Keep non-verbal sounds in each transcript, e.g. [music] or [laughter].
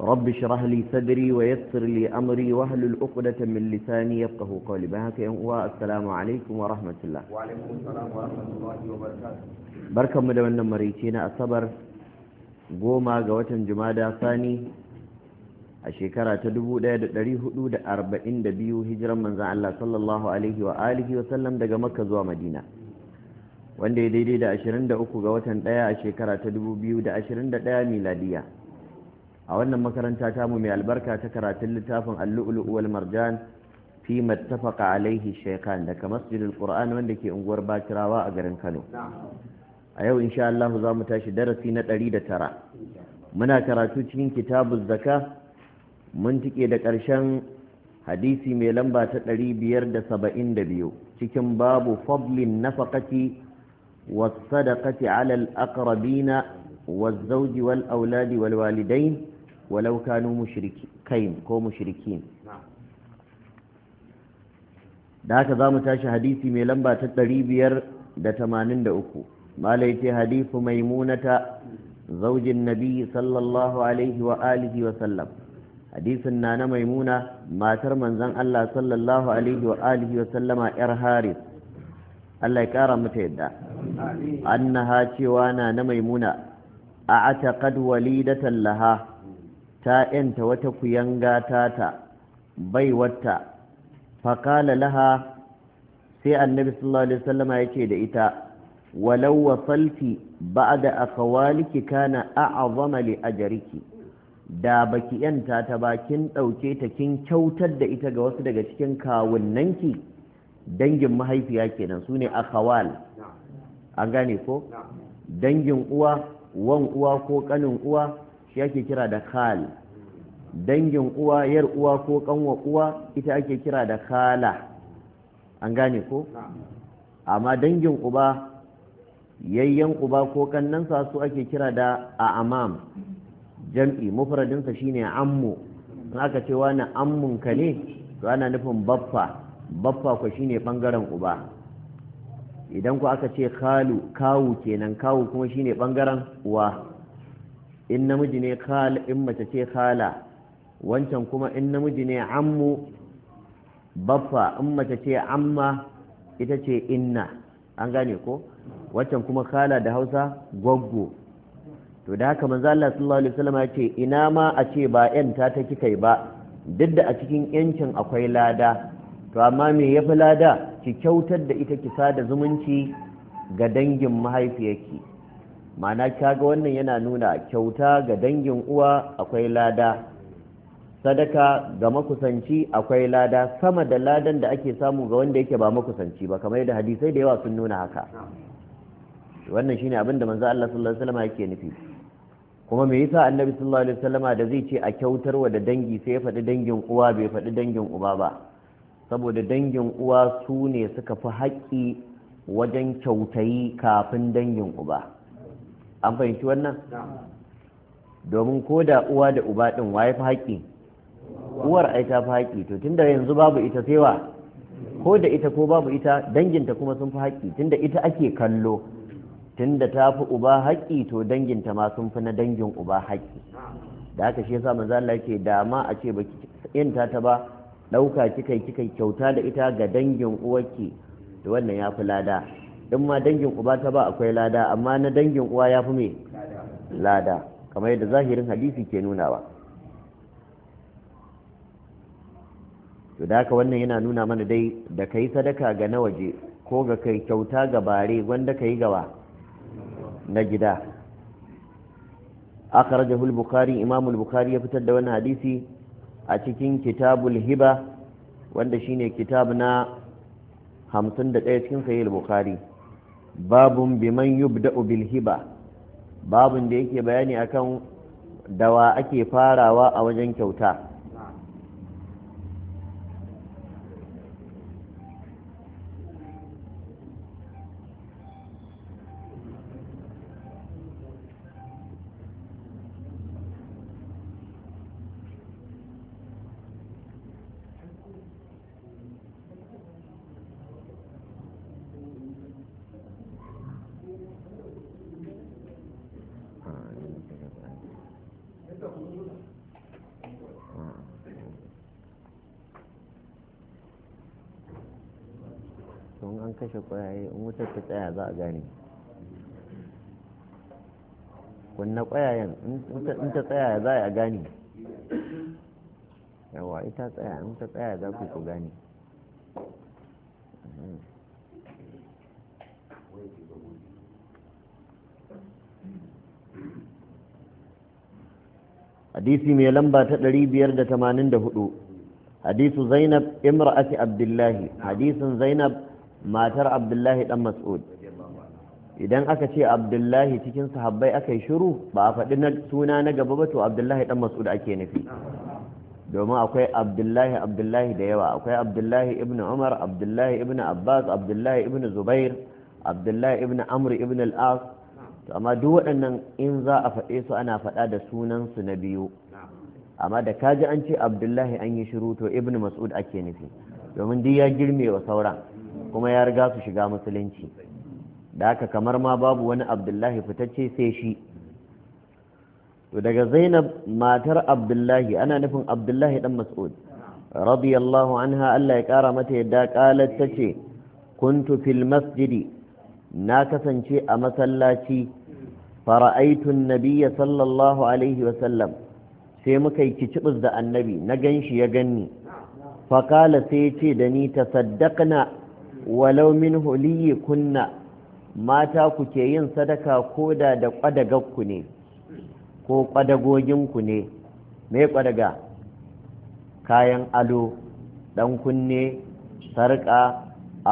رب اشرح لي صدري ويسر لي امري واحلل عقدة من yan uwa قولي بهاك والسلام عليكم ورحمة الله وعليكم السلام ورحمة wa وبركاته barkan mu da wannan maraice na asabar goma ga watan jumada sani a shekara ta 1442 hijiran manzan Allah sallallahu alaihi wa alihi wa sallam daga makka zuwa madina wanda ya daidai da 23 ga watan daya a shekara ta 2021 miladiya a wannan makaranta ta mu mai albarka ta karatun littafin al-lu'lu' wal marjan fi mattafaqa alaihi shaykhan daga masjidil qur'an wanda ke unguwar Bakirawa a garin Kano a yau insha Allah za mu tashi darasi na 109 muna karatu cikin kitabu zaka mun tike da ƙarshen hadisi mai lamba ta 572 cikin babu fadlin nafaqati was sadaqati ala al-aqrabina والزوج والأولاد والوالدين ولو كانوا مشركين كو مشركين da haka za mu tashi hadisi mai lamba ta ɗari biyar da tamanin da uku malai ce hadisu maimunata zaujin nabi sallallahu alaihi wa alihi wa sallam hadisin na na maimuna matar manzon Allah sallallahu alaihi wa alihi wa sallama yar haris Allah ya kara mata yadda annaha cewa na na maimuna a ataqad walidatan laha ta yanta wata kuyanga tata baiwarta faƙala laha sai annabi sallallahu alaihi wasallam yake da ita walau wasalti ba'da Akawaliki kana a'zama li ajriki da baki yanta ta bakin ɗauke ta kin kyautar da ita ga wasu daga cikin kawunnanki dangin mahaifiya kenan sune Akawal. an gane ko dangin uwa wan uwa ko kanin uwa shi ake kira da khal dangin uwa yar uwa ko kanwa uwa ita ake kira da khala an gane ko amma dangin uba yayyan uba ko kannansa su ake kira da amam jam'i mufradinsa shine ammu in aka ce wani ammun ka ne to ana nufin baffa baffa ko shine bangaren uba idan ku aka ce kalu kawu kenan kawu kuma shine bangaren wa in namiji ne kala in mace ce kala wancan kuma in namiji ne ammu baffa in mace ce amma ita ce inna an gane ko wancan kuma kala da Hausa gwaggo to da haka manzo Allah sallallahu alaihi wasallam ya ce ina ma a ce ba yan ta ta kikai ba duk da a cikin yancin akwai lada to amma me yafi lada ki kyautar da ita ki sada zumunci ga dangin mahaifiyarki ma'ana kaga wannan yana nuna kyauta ga dangin uwa akwai lada sadaka ga makusanci akwai lada sama da ladan da ake samu ga wanda yake ba makusanci ba kamar yadda hadisai da yawa sun nuna haka wannan shine abin da manzo Allah sallallahu alaihi wasallam yake nufi kuma me yasa annabi sallallahu alaihi wasallama da zai ce a kyautar wa da dangi sai ya faɗi dangin uwa bai faɗi dangin uba ba saboda dangin uwa su ne suka fi haƙƙi wajen kyautayi kafin dangin uba an fahimci wannan domin ko da uwa da uba ɗin waye fi haƙƙi uwar ai ta fi haƙƙi to tunda yanzu babu ita sai wa ko da ita ko babu ita danginta kuma sun fi haƙƙi tunda ita ake kallo tunda ta fi uba haƙƙi to danginta ma sun fi na dangin uba haƙƙi da haka shi yasa manzo Allah yake da ma a ce baki yin ta ta ba ɗauka kika kika kyauta da ita ga dangin uwarki da wannan ya fi lada in ma dangin uba ta ba akwai lada amma na dangin uwa ya fi me lada kamar yadda zahirin hadisi ke nunawa to da haka wannan yana nuna mana dai da kai sadaka ga na waje ko ga kai kyauta ga bare wanda kai gawa na gida akhrajahu al-bukhari imam al-bukhari ya fitar da wannan hadisi a cikin kitabul hiba wanda shine kitab na 51 cikin sahih bukhari babun biman yubda'u bil hiba babun da yake bayani akan dawa ake farawa a wajen kyauta kashe ƙwayaye in wutar ta tsaya za a gane kunna ƙwayayen in ta tsaya za a gane yawa ita tsaya in ta tsaya za ku gane hadisi mai lamba ta ɗari biyar da da tamanin hudu hadisu zainab imra'ati abdullahi Hadisun zainab matar abdullahi dan mas'ud idan aka ce abdullahi cikin sahabbai aka yi shiru ba a faɗi suna na gaba ba to abdullahi dan mas'ud ake nufi domin akwai abdullahi abdullahi da yawa akwai abdullahi ibn umar abdullahi ibn abbas abdullahi ibn zubair abdullahi ibn amr ibn al-as to amma duk waɗannan in za a faɗe su ana faɗa da sunansu na biyu amma da kaji an ce abdullahi an yi shiru to ibn mas'ud ake nufi domin duk ya girme wa sauran kuma ya riga su shiga musulunci da haka kamar ma babu wani abdullahi fitacce sai shi daga zainab matar abdullahi ana nufin abdullahi dan mas'ud radiyallahu anha Allah ya kara mata yadda qalat tace kuntu fil masjidi na kasance a masallaci fara'aitu an-nabiyya sallallahu alaihi wa sallam sai muka yi da annabi na ganshi ya ganni fakala sai ce da ni tasaddaqna walau min huliyi kunna mata ku ke yin sadaka ko da kwadagakku ne ko kwadagoginku ne me kwadaga kayan ado dan kunne sarƙa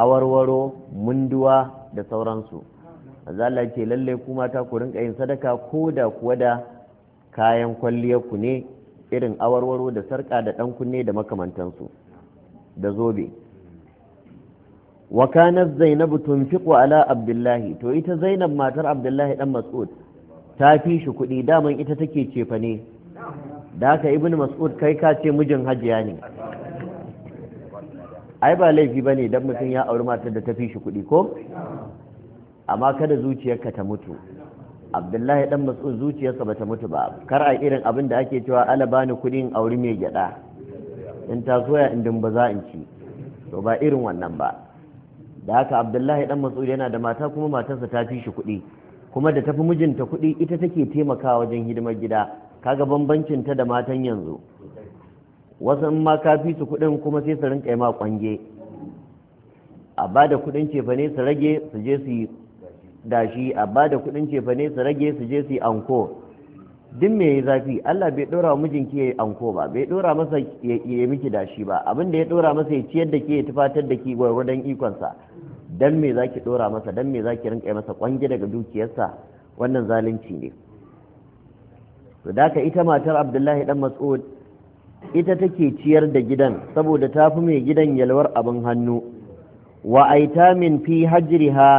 awarwaro munduwa da sauransu Allah ce lalle ku mata ku rinka yin sadaka ko da kuwa da kayan kwalliyarku ne irin awarwaro da sarƙa da ɗan kunne da makamantansu da zobe wa kanat zainabu tunfiqu ala abdullahi to ita zainab matar abdullahi dan mas'ud ta fi shi kuɗi daman ita take cefa ne da haka ibnu mas'ud kai ka ce mijin hajiya ne ai ba laifi ne dan mutum ya auri matar da ta fi shi kuɗi ko amma kada zuciyarka ta mutu abdullahi dan mas'ud zuciyarsa ba ta mutu ba kar a irin abin da ake cewa ala bani kudin auri mai gyada in ta soya in dimba za in ci to ba irin wannan ba da haka abdullahi dan mas'ud yana da mata kuma matarsa ta fi shi kuɗi kuma da tafi mijinta kuɗi ita take taimakawa wajen hidimar gida kaga bambancin ta da matan yanzu wasu in ma ka fi su kuɗin kuma sai su rinka ma kwange a ba da kuɗin cefa ne su rage su je su yi dashi a ba da kuɗin cefa ne su rage su je su yi anko duk me yayi zafi Allah bai dora mijinki ya yi anko ba bai dora masa ya yi miki dashi ba abin da ya ɗora masa ya ciyar da ke ya tufatar da ke gwargwadon ikonsa don dan me zaki dora masa dan me zaki rinka yi masa kwangi daga dukiyarsa wannan zalunci ne to da ita matar Abdullahi dan Mas'ud ita take ciyar da gidan saboda ta fi mai gidan yalwar abin hannu wa min fi hajriha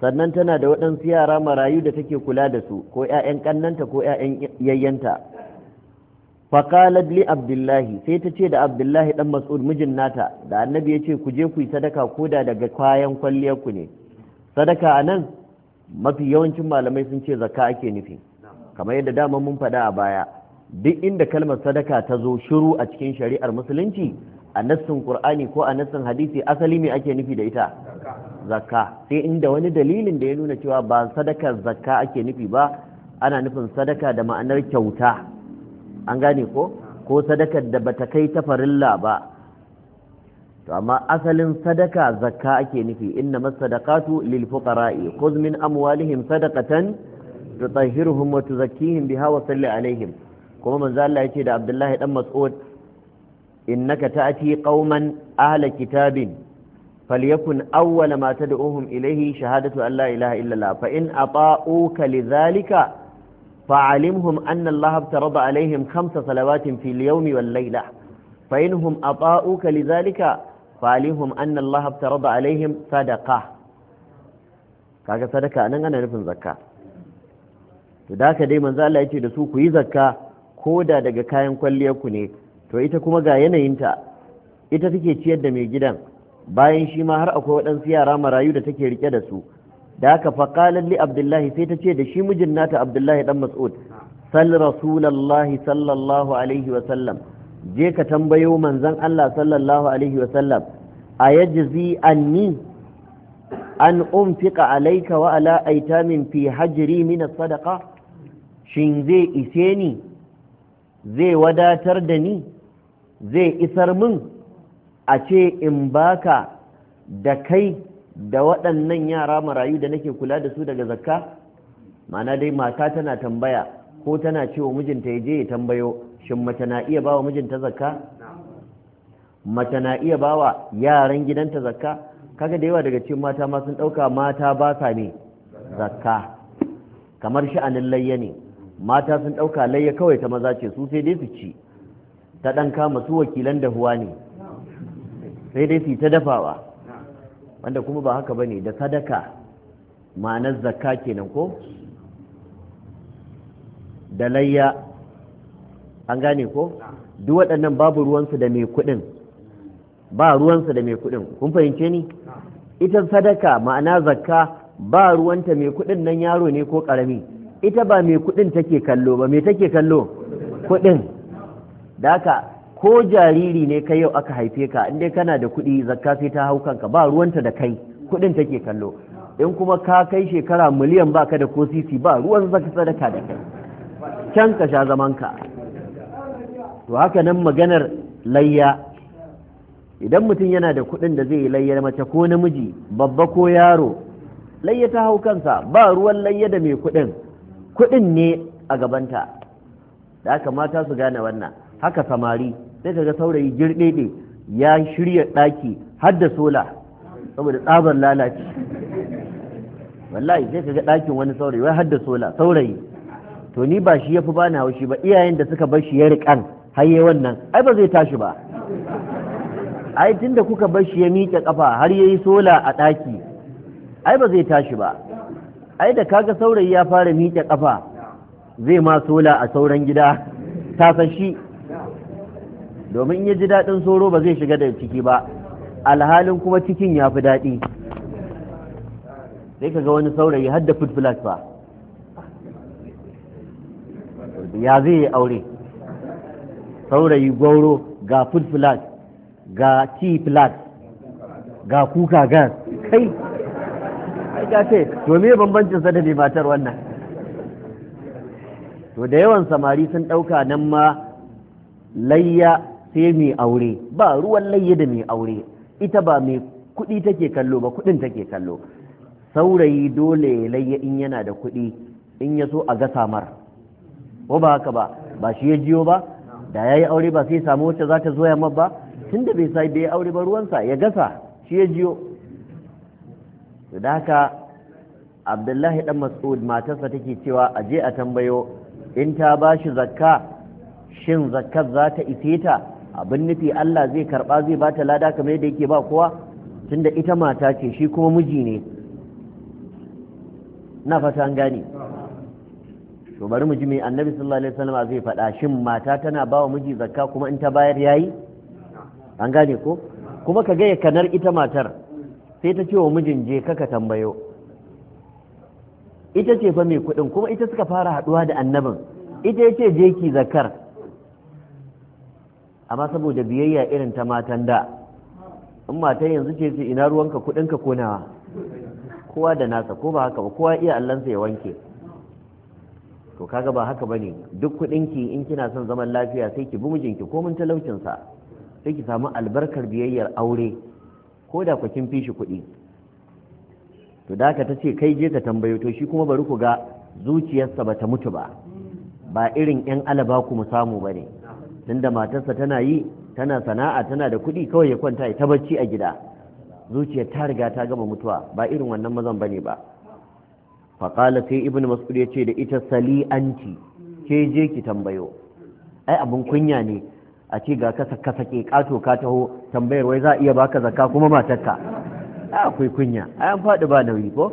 sannan tana da waɗansu yara marayu da take kula da su ko 'ya'yan ƙannanta ko 'ya'yan yayyanta faƙalar li abdullahi sai ta ce da abdullahi ɗan mas'ud mijin nata da annabi ya ce ku je ku yi sadaka ko da daga kayan kwalliyarku ne sadaka a nan mafi yawancin malamai sun ce zakka ake nufi kamar yadda dama mun faɗa a baya duk inda kalmar sadaka ta zo shiru a cikin shari'ar musulunci a nassin qur'ani ko a nassin hadisi asali me ake nufi da ita zakka sai inda wani dalilin da ya nuna cewa ba sadakar zakka ake nufi ba ana nufin sadaka da ma'anar kyauta an gane ko ko da bata kai ta farilla ba to amma asalin sadaka zakka ake nufi inna masadaqatu lil fuqara'i khudh min amwalihim sadaqatan tutahhiruhum wa tuzakkihim biha wa salli alaihim kuma manzo Allah yace da Abdullahi dan Mas'ud innaka ta'ti qauman ahla kitabin falyakun awwala ma tad'uhum ilayhi shahadatu an la ilaha illallah fa in ata'uka lidhalika fa'alimhum anna Allah tarada alaihim khamsa salawatin fil yawmi wal layla fa inhum ata'uka lidhalika fa'alimhum anna Allah tarada alaihim sadaqah kaga sadaka nan ana nufin zakka to da haka dai manzo Allah yace da su ku yi zakka ko da daga kayan kwalliyar ku ne to ita ga yanayinta ita take ciyar da mai gidan bayan shi ma har akwai waɗansu yara marayu da take rike da su da haka faƙalar li abdullahi sai ta ce da shi mijin nata abdullahi dan mas'ud sal rasulallahi sallallahu alaihi wa sallam je ka tambayo manzon Allah sallallahu alaihi wa sallam a yajzi anni an umfika alaika wa ala aitamin fi hajri min sadaqa shin zai ise ni zai wadatar da ni zai isar min a ce in baka da kai da waɗannan yara marayu da nake kula da su daga zakka ma'ana dai mata tana tambaya ko tana cewa mijinta ya je ya tambayo shin mace na iya bawa mijinta zakka mace na iya bawa yaran gidanta zakka kaga da yawa daga cikin mata ma sun ɗauka mata ba sa ne zakka kamar sha'anin layya ne mata sun ɗauka layya kawai ta maza ce su sai dai su ci ta ɗan kama su wakilan dahuwa ne sai dai su ta dafawa wanda kuma ba haka bane da sadaka ma'anar zakka kenan ko da layya an gane ko duk waɗannan babu ruwansu da mai kuɗin ba ruwansu da mai kuɗin kun fahimce ni ita sadaka ma'ana zakka ba ruwanta mai kuɗin nan yaro ne ko ƙarami ita ba mai kuɗin take kallo ba mai take kallo kuɗin da haka ko jariri ne kai yau aka haife ka in dai kana da kuɗi zakka sai ta hau kanka ba ruwanta da kai kuɗin take kallo in kuma ka kai shekara miliyan ba ka da ko sisi ba ruwan zaka sadaka da kai can ka sha zamanka to haka nan maganar layya idan mutum yana da kuɗin da zai yi layya mace ko namiji babba ko yaro layya ta hau kansa ba ruwan layya da mai kuɗin kuɗin ne a gabanta da haka mata su gane wannan haka samari sai ga saurayi girɗe ne ya shirya ɗaki har da sola saboda tsabar lalace wallahi sai ga ɗakin wani saurayi wai har da sola saurayi to ni ba shi ya fi bani haushi ba iyayen da suka bar shi ya riƙan har wannan ai ba zai tashi ba ai tunda kuka bar shi ya miƙe ƙafa har ya yi sola a ɗaki ai ba zai tashi ba ai da kaga saurayi ya fara miƙe ƙafa zai ma sola a sauran gida ta san shi domin ya ji daɗin soro ba zai shiga da ciki ba alhalin kuma cikin ya fi daɗi sai ka ga wani saurayi har da food flash ba ya zai yi aure saurayi gwauro ga food flash ga tea flash ga kuka gas kai ai ce to me bambancin sa da ne matar wannan to da yawan samari sun ɗauka nan ma layya sai mai aure ba ruwan layya da mai aure ita ba mai kuɗi take kallo ba kuɗin take kallo saurayi dole ya layya in yana da kuɗi in ya so a ga samar ko ba haka ba ba shi ya jiyo ba da ya yi aure ba sai samu wacce za ta zo yamma ba tun da bai sai bai aure ba ruwansa ya gasa shi ya jiyo da haka abdullahi dan mas'ud matarsa take cewa a je a tambayo in ta ba shi zakka shin zakkar za ta ise ta abin nufi Allah zai karba zai bata lada kamar yadda yake ba kowa tunda ita mata ce shi kuma miji ne na fata an gane to bari mu ji mai annabi sallallahu alaihi wasallam zai faɗa shin mata tana ba wa miji zakka kuma in ta bayar yayi an gane ko kuma ka gaya kanar ita matar sai ta ce wa mijin je kaka tambayo ita ce fa mai kuɗin kuma ita suka fara haɗuwa da annabin ita ya ce je ki zakkar amma saboda biyayya irin ta matan da in matan yanzu ce ce ina ruwanka kudinka ko nawa kowa da nasa ko ba haka ba kowa iya allansa ya wanke to kaga ba haka bane duk kudinki in kina son zaman lafiya sai ki bi mijinki ko mun talaucin sa sai ki samu albarkar biyayyar aure ko da ku kin fi shi kudi to da ka tace kai je ka tambayo to shi kuma bari ku ga zuciyarsa ba ta mutu ba ba irin yan alaba ku mu samu bane tunda matarsa tana yi tana sana'a tana da kuɗi kawai ya kwanta ya bacci a gida zuciyar ta riga ta gama mutuwa ba irin wannan mazan bane ba faƙala sai ibn mas'ud ya ce da ita sali anti ke je ki tambayo ai abin kunya ne a ce ga kasa kasa ke kato ka taho tambayar wai za a iya baka zakka kuma matarka akwai kunya ai an faɗi ba nauyi ko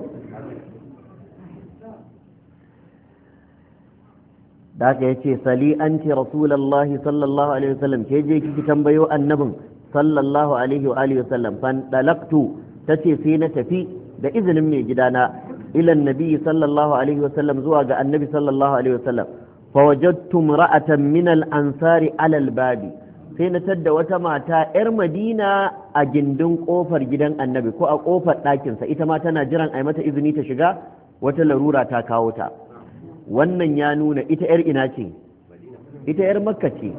da haka yace sali ce rasulullahi sallallahu alaihi wasallam ke je kiki tambayo annabin sallallahu alaihi wa alihi wasallam fan ta tace sai na tafi da izinin mai gidana ilan nabi sallallahu alaihi wasallam zuwa ga annabi sallallahu alaihi wasallam fa wajadtu ra'atan min al-ansari ala al-babi sai na tadda wata mata yar madina a gindin kofar gidan annabi ko a kofar ɗakinsa ita ma tana jiran ai mata izini ta shiga wata larura ta kawo ta wannan ya nuna ita 'yar ina ce ita 'yar makka ce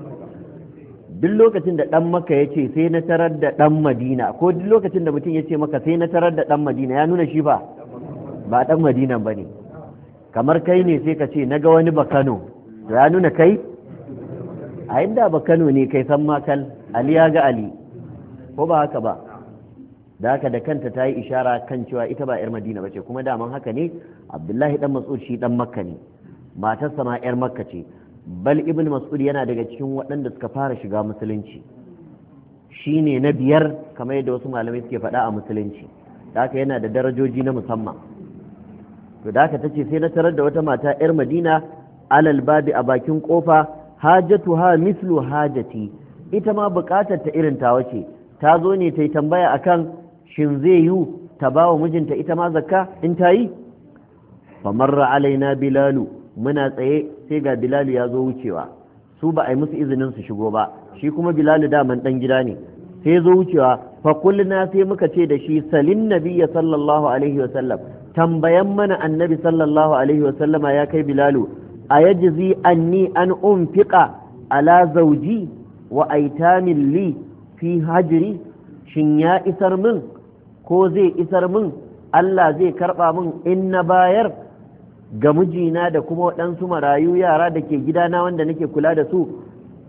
duk lokacin da ɗan maka ya ce sai na tarar da ɗan madina ko duk lokacin da mutum ya ce maka sai na tarar da ɗan madina ya nuna shi ba ba ɗan madina ba ne kamar kai ne sai ka ce na ga wani bakano to ya nuna kai a inda bakano ne kai san makal ali ya ga ali ko ba haka ba da haka da kanta ta yi ishara kan cewa ita ba 'yar madina ba ce kuma daman haka ne abdullahi ɗan mas'ud shi dan ne matarsa ma 'yar makka ce bal ibn mas'ud yana daga cikin waɗanda suka fara shiga musulunci shi ne na biyar kamar yadda wasu malamai suke faɗa a musulunci da haka yana da darajoji na musamman to da ta ce sai na tarar da wata mata 'yar madina alal babi a bakin ƙofa, hajatu ha mislu hajati ita ma buƙatar ta irin tawa ce ta zo ne ta yi tambaya akan shin zai yiwu ta ba wa mijinta ita ma zakka in ta yi famarra alaina bilalu muna tsaye sai ga bilalu ya zo wucewa su ba a yi musu izinin su shigo ba shi kuma bilalu daman dan gida ne sai zo wucewa fa kulluna sai muka ce da shi salin nabiya sallallahu alaihi wa sallam tambayan mana annabi sallallahu alaihi wa sallama ya kai bilalu a yajzi anni an unfiqa ala zauji wa aitamin li fi hajri shin ya isar min ko zai isar min Allah zai karba min in na bayar ga mijina da kuma waɗansu marayu yara da ke gidana wanda nake kula da su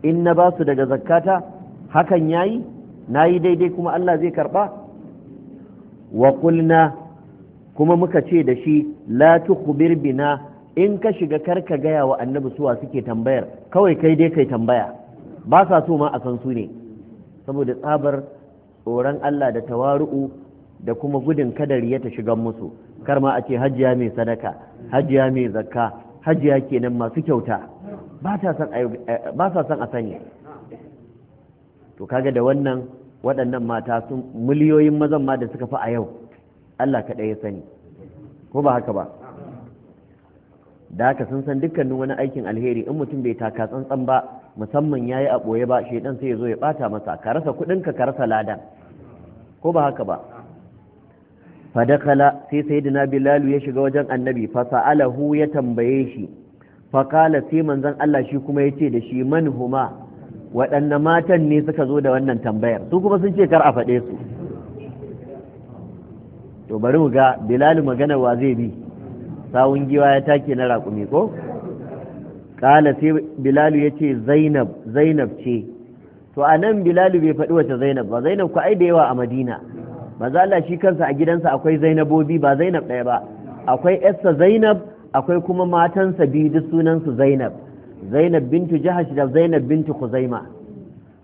in na ba su daga zakkata hakan ya yi na yi daidai kuma Allah zai karɓa wa kulna kuma muka ce da shi la tukhbir bina in ka shiga kar ka gaya wa annabi suwa suke tambayar kawai kai dai kai tambaya ba sa so ma a san su ne saboda tsabar tsoron Allah da tawaru'u da kuma gudun kadari ya ta shigan musu kar ma a ce hajiya mai sadaka hajiya mai zakka hajiya kenan masu kyauta ba sa son a sanya to kaga da wannan waɗannan mata sun miliyoyin mazan ma da suka fi a yau Allah kaɗai ya sani ko ba haka ba da haka sun san dukkanin wani aikin alheri in mutum bai taka tsantsan ba musamman ya yi a ɓoye ba shaidan sai ya zo ya ɓata masa ka rasa kuɗinka ka rasa ladan ko ba haka ba fadakala sai sayyidina bilalu ya shiga wajen annabi fa sa'alahu ya tambaye shi fa kala sai manzon Allah shi kuma yace da shi man huma waɗanne matan ne suka zo da wannan tambayar su kuma sun ce kar a faɗe su to bari mu ga bilalu magana wa zai bi sawun giwa ya take na raƙumi ko kala sai bilalu yace zainab zainab ce to anan bilalu bai faɗi wace zainab ba zainab ku ai da yawa a madina manzo Allah shi kansa a gidansa akwai Zainabobi ba Zainab ɗaya ba akwai Esther Zainab akwai kuma matansa biyu duk sunansu Zainab Zainab bintu Jahash da Zainab bintu Khuzaima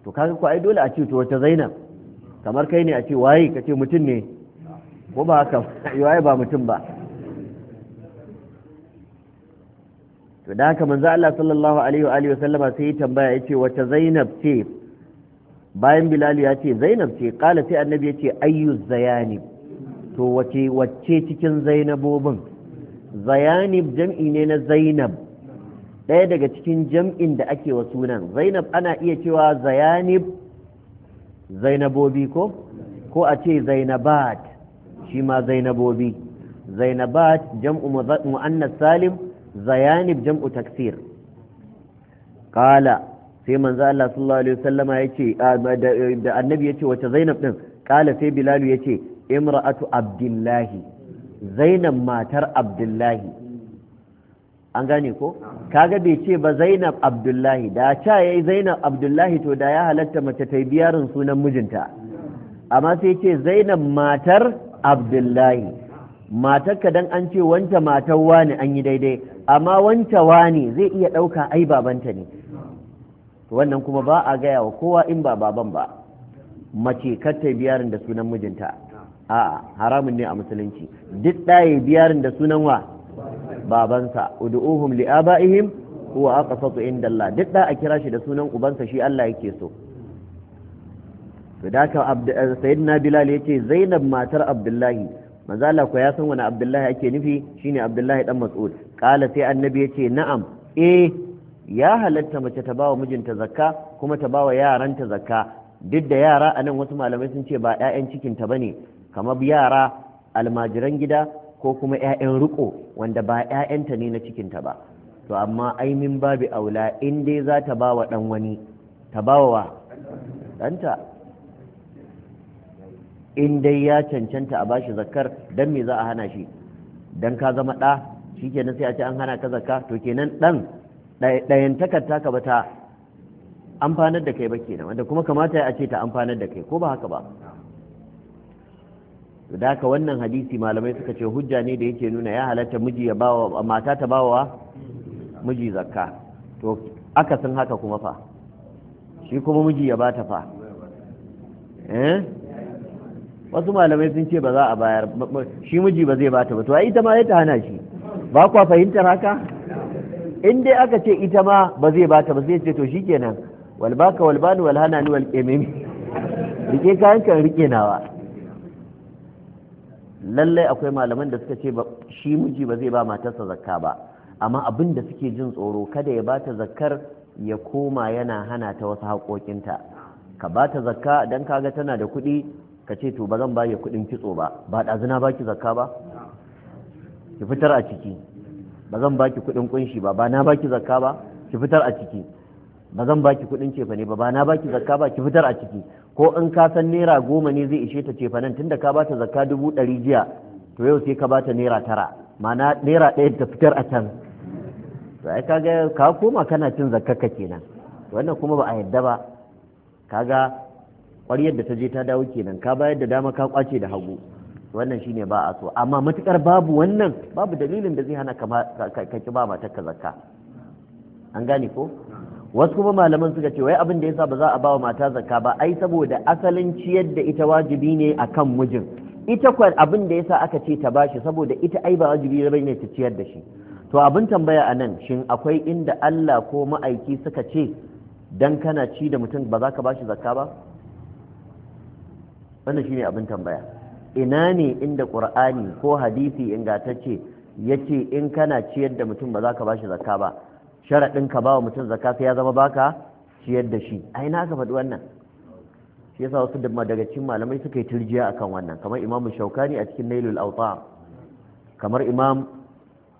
to kaga ko ai dole a ce to wata Zainab kamar kai ne a ce waye kace mutum ne ko ba haka waye ba mutum ba to da haka manzo Allah sallallahu alaihi wa alihi wa sallama sai ya tambaya yace wata Zainab ce bayan bilal ya ce zainab ce kala sai annabi ya ce ayyu zayanib to wace wacce cikin zainabobin zayanib jam'i ne na zainab ɗaya daga cikin jam'in da ake wa sunan zainab ana iya cewa zayanib zainabobi ko ko a ce zainabat shi ma zainabobi zainabat jam'u mu'annas salim zayanib jam'u taksir qala sai manzo Allah sallallahu alaihi wasallama yace ah, da annabi yace wace Zainab din kala sai Bilal yace imra'atu Abdullahi Zainab matar Abdullahi an gane ko kaga bai ce ba Zainab Abdullahi da ta yayi Zainab Abdullahi to da ya halatta mace ta biyarin sunan mijinta amma sai ce Zainab matar Abdullahi matarka dan an ce wanta matar wani an yi daidai amma wanta wani zai iya ɗauka ai babanta ne wannan kuma ba a gaya wa kowa in ba baban ba mace katta biyarin da sunan mijinta a haramun ne a musulunci duk ɗaye biyarin da sunan wa babansa ud'uhum li'aba'ihim huwa aqsatu Allah duk da a kira shi da sunan ubansa shi Allah yake so to da eh, sayyidina bilal yace zainab matar abdullahi manzo Allah ko ya san wani abdullahi ake nufi shine abdullahi dan mas'ud qala sai annabi yace na'am eh ya halatta mace ta bawa mijinta zakka kuma ta bawa yaranta zakka duk da yara a nan wasu malamai sun ce ba 'ya'yan cikinta ba ne kamar yara almajiran gida ko kuma 'ya'yan riko wanda ba 'ya'yanta ne na cikinta ba to amma aimin babu aula in dai za ta ba wa wani ta bawa wa ɗanta in dai ya cancanta a bashi zakkar dan me za a hana shi dan ka zama ɗa shi kenan sai a ce an hana ka zakka to kenan ɗan ɗayan takarta ka ba ta amfanar da kai ba kenan wanda kuma kamata ya ce ta amfanar da kai ko ba haka ba da haka wannan hadisi malamai suka ce hujja ne da yake nuna ya halatta miji ya bawa mata ta bawa miji zakka to aka san haka kuma fa shi kuma miji ya bata fa eh wasu malamai sun ce ba za a bayar shi miji ba zai bata ba to ai ita ma ya ta hana shi ba kwa fahimtar haka in dai aka ce ita ma ba zai bata ba zai ce to shikenan wal baka wal bani wal ni wal qimimi rike kayan kan rike nawa lallai akwai malaman da suka ce shi miji ba zai ba matarsa zakka ba amma abin da suke jin tsoro kada ya bata zakkar ya koma yana hana ta wasu haƙoƙinta ka bata zakka dan kaga tana da kuɗi ka ce to ba zan ba ya kuɗin kitso ba ba ɗazuna ba ki zakka ba ki fitar a ciki ba zan baki kuɗin kunshi ba ba na baki zakka ba ki fitar a ciki ba zan baki kuɗin ne ba ba na baki zakka ba ki fitar a ciki ko in ka san naira goma ne zai ishe ta cefa nan, tunda ka ba ta zakka dubu ɗari jiya to yau sai ka ba ta naira tara ma'ana naira ɗaya ta fitar a can sai ka ga ka koma kana cin ka kenan wannan kuma ba a yadda ba kaga ƙwaryar da ta je ta dawo kenan ka bayar da dama ka kwace da hagu wannan shine ba a so amma matukar babu wannan babu dalilin da zai hana ka ki ba matar ka zakka an gane ko wasu kuma malaman suka ce wai abin da yasa ba za a ba wa mata zakka ba ai saboda asalin ciyar da ita wajibi ne akan mijin ita kwa abin da yasa aka ce ta bashi saboda ita ai ba wajibi ne ta ciyar da shi to abin tambaya a nan shin akwai inda Allah ko ma'aiki suka ce dan kana ci da mutum ba za ka bashi zakka ba wannan shine abin tambaya ina ne inda qur'ani ko hadisi ingantacce yace in kana ciyar da mutum ba za ka bashi zakka ba sharaɗin ka ba wa mutum zakka sai ya zama baka ciyar da shi ai na ka faɗi wannan shi yasa wasu daga cikin malamai suka yi turjiya akan wannan kamar imamu shaukani a cikin nailul awta kamar imam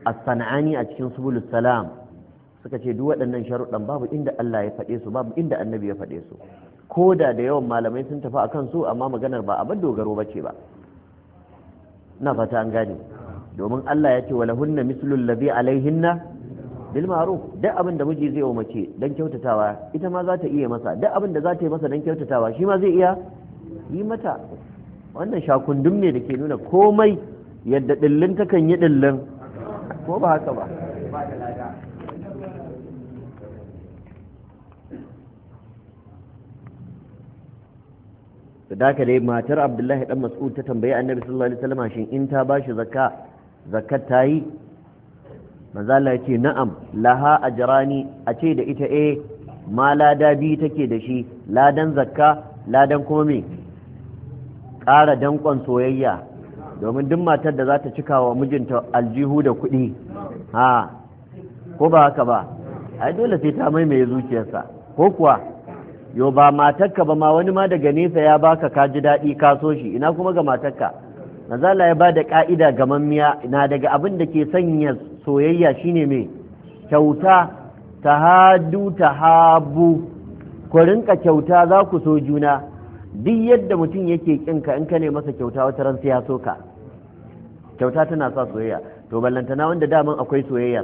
as a cikin subulus salam suka ce duk waɗannan sharuɗan babu inda Allah ya faɗe su babu inda annabi ya faɗe su ko da da yawan malamai sun tafi akan su amma maganar ba a abin dogaro ba ce ba na fata an gane domin Allah ya ce wa lahunna mislul ladhi alaihinna bil ma'ruf duk abin da miji zai wa mace dan kyautatawa ita ma za ta iya masa duk abin da za ta yi masa dan kyautatawa shi ma zai iya yi mata wannan shakundum ne da ke nuna komai yadda dillin takan yi dillin ko ba haka ba sadaka dai matar abdullahi dan mas'ud ta tambayi annabi sallallahu alaihi wasallam shin in ta bashi zakka zakka ta yi manzo Allah yace na'am laha ajrani a ce da ita eh ma lada bi take da shi ladan zakka ladan kuma me ƙara dankon soyayya domin duk matar da za ta cika wa mijinta aljihu da kuɗi ha ko ba haka ba ai dole sai ta maimaye zuciyarsa ko kuwa yo ba matarka ba ma wani ma daga nesa ya baka ka ji daɗi ka so shi ina kuma ga matarka manzala ya ba da ƙa'ida ga mammiya na daga abin da ke sanya soyayya shine mai kyauta ta hadu ta habu ku rinka kyauta za ku so juna duk yadda mutum yake kinka in ka ne masa kyauta wata ran ya so ka kyauta tana sa soyayya to ballantana wanda daman akwai soyayyar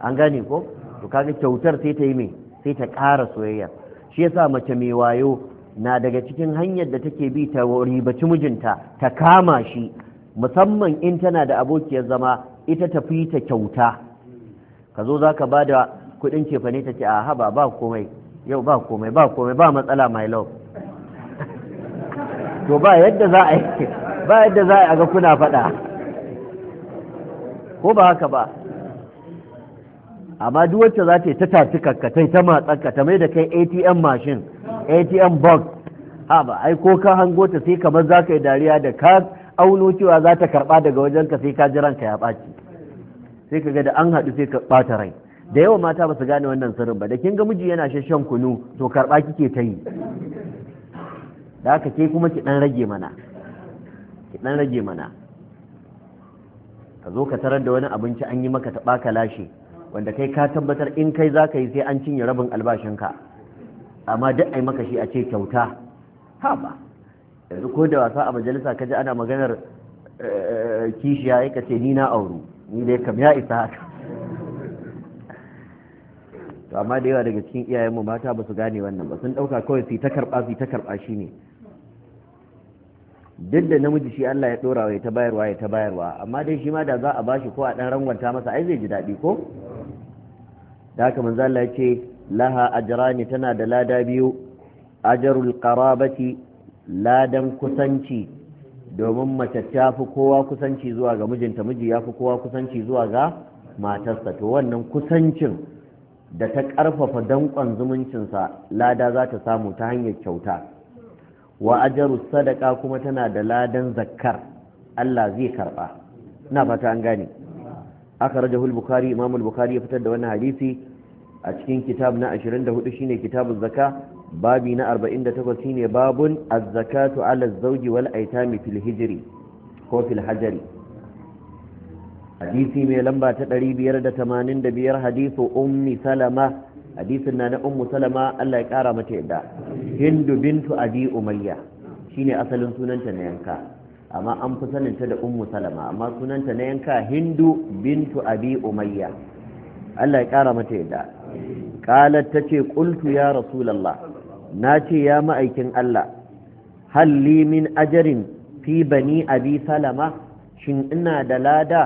an gane ko to kaga kyautar sai ta yi mai sai ta ƙara soyayya shi yasa mace mai wayo na daga cikin hanyar da take bi ta ribaci mijinta ta kama shi musamman in tana da abokiyar zama ita ta ta kyauta ka zo za ka ba da kuɗin cefane ta ce a haba ba komai yau ba komai ba komai ba matsala my love [laughs] to ba yadda za a yi ba yadda za a ga kuna faɗa ko ba haka ba amma duk wacce za ta yi ta tafi kakkatai ta ka ta mai da kai atm mashin atm box ha ba ai ko ka hango ta sai kamar za ka yi dariya da ka auno cewa za ta karba daga wajen ka sai ka ji ranka ya ɓaci sai ka ga da an haɗu sai ka ɓata rai da yawa mata ba su gane wannan sirrin ba da kin ga miji yana shashan kunu to karɓa kike ta yi da haka ke kuma ki ɗan rage mana ki dan rage mana ka zo ka tarar da wani abinci an yi maka ta ka lashe wanda kai ka tabbatar in kai za ka yi sai an cinye rabin albashinka amma duk ai maka shi a ce kyauta ha ba yanzu ko da wasa a majalisa ka ji ana maganar eh, kishiya ya kace ni na auru ni dai kam ya isa haka to amma da yawa daga cikin iyayenmu mata ba su gane wannan ba sun ɗauka kawai su ta karɓa su ta karɓa shi ne duk da namiji shi Allah ya dora ya ta bayarwa ya ta bayarwa amma dai shi ma da za a bashi ko a dan rangwanta masa ai zai ji daɗi ko da haka manzo Allah ya ce laha ajrani tana da lada biyu ajrul qarabati ladan kusanci domin mace ta fi kowa kusanci zuwa ga mijinta miji ya fi kowa kusanci zuwa ga matarsa to wannan kusancin da ta karfafa danƙon zumuncinsa lada za ta samu ta hanyar kyauta wa ajaru sadaka kuma tana da ladan zakkar Allah zai karba ina fata an gane aka raja bukhari imam al-bukhari ya fitar da wannan hadisi a cikin kitab na 24 shine kitabuz Zaka. babi na 48 shine babun az-zakatu ala az-zawji wal aitami fil hijri ko fil hajari hadisi mai lamba ta 585 hadisu ummi salama hadisin na na ummu salama Allah ya kara mata yadda hindu bintu abi umayya shine asalin sunanta na yanka amma an fi saninta da ummu salama amma sunanta na yanka hindu bintu abi umayya Allah ya kara mata yadda qalat tace qultu ya rasulullah nace ya ma'aikin Allah hallimin ajarin min ajrin fi bani abi salama shin ina da lada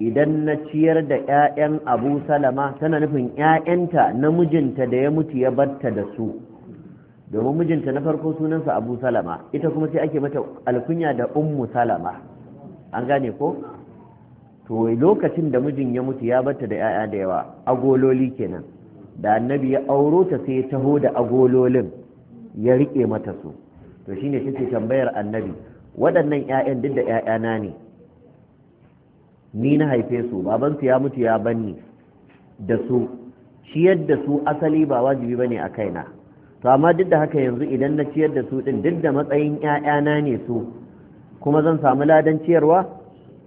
idan na ciyar da 'ya'yan abu salama tana nufin 'ya'yanta na mijinta da ya mutu ya barta da su domin mijinta na farko sunansa abu salama ita kuma sai ake mata alkunya da ummu salama an gane ko to lokacin da mijin ya mutu ya barta da 'ya'ya da yawa agololi kenan da annabi ya auro ta sai ya taho da agololin ya riƙe mata su to shine take tambayar annabi waɗannan 'ya'yan duk da 'ya'yana ne ni na haife su babansu ya mutu ya banni da su ciyar da su asali ba wajibi bane a kaina to amma duk da haka yanzu idan na ciyar da su din duk da matsayin ƴaƴana ne su kuma zan samu ladan ciyarwa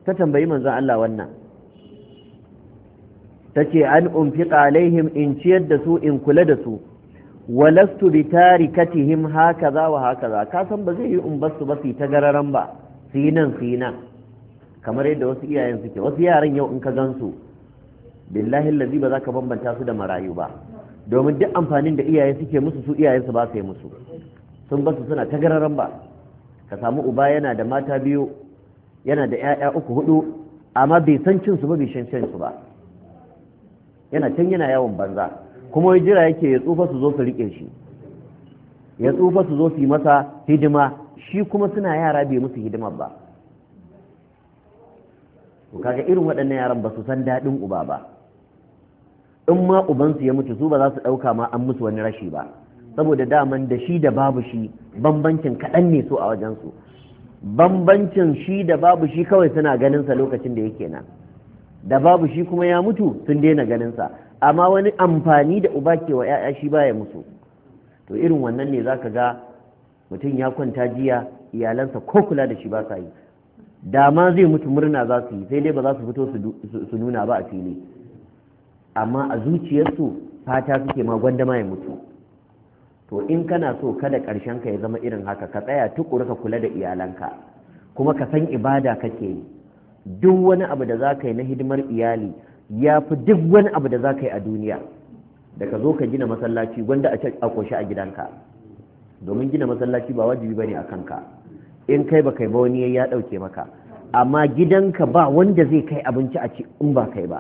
ta tambayi manzon Allah wannan tace an unfiqa alaihim in ciyar da su in kula da su walastu bi tarikatihim hakaza wa hakaza ka san ba zai yi in basu ba su ta gararan ba sinan yi kamar yadda wasu iyayen suke wasu yaran yau in ka gansu billahi lazi ba za ka bambanta su da marayu ba domin duk amfanin da iyaye suke musu su iyayen su ba su yi musu sun basu suna ta ba ka samu uba yana da mata biyu yana da 'ya'ya uku hudu amma bai san cin su ba bai san cin su ba yana can yana yawon banza kuma ya jira yake ya tsufa su zo su rike shi ya tsufa su zo su yi masa hidima shi kuma suna yara bai musu hidimar ba to kaga irin waɗannan yaran ba su san daɗin uba ba in ma ubansu ya mutu su ba za su ɗauka ma an musu wani rashi ba saboda daman da shi da babu shi bambancin kaɗan ne su a wajen su, bambancin shi da babu shi kawai suna ganinsa lokacin da yake nan da babu shi kuma ya mutu sun daina ganinsa amma wani amfani da uba ke wa 'ya'ya shi baya musu to irin wannan ne za ka ga mutum ya kwanta jiya iyalansa ko kula da shi ba sa yi da ma zai mutu murna za su yi sai dai ba za su fito su nuna ba a fili amma a zuciyarsu fata suke ma gwandama ya mutu to in kana so kada karshen ka ya zama irin haka ka tsaya tukuru ka kula da iyalanka kuma ka san ibada kake yi duk wani abu da za ka yi na hidimar iyali ya fi duk wani abu da za ka yi a duniya da ka zo ka gina masallaci gwanda a ƙoshi a gidanka domin gina masallaci ba wajibi ba ne a kanka in kai ba kai ba wani ya ɗauke maka amma gidanka ba wanda zai kai abinci a ci in ba kai ba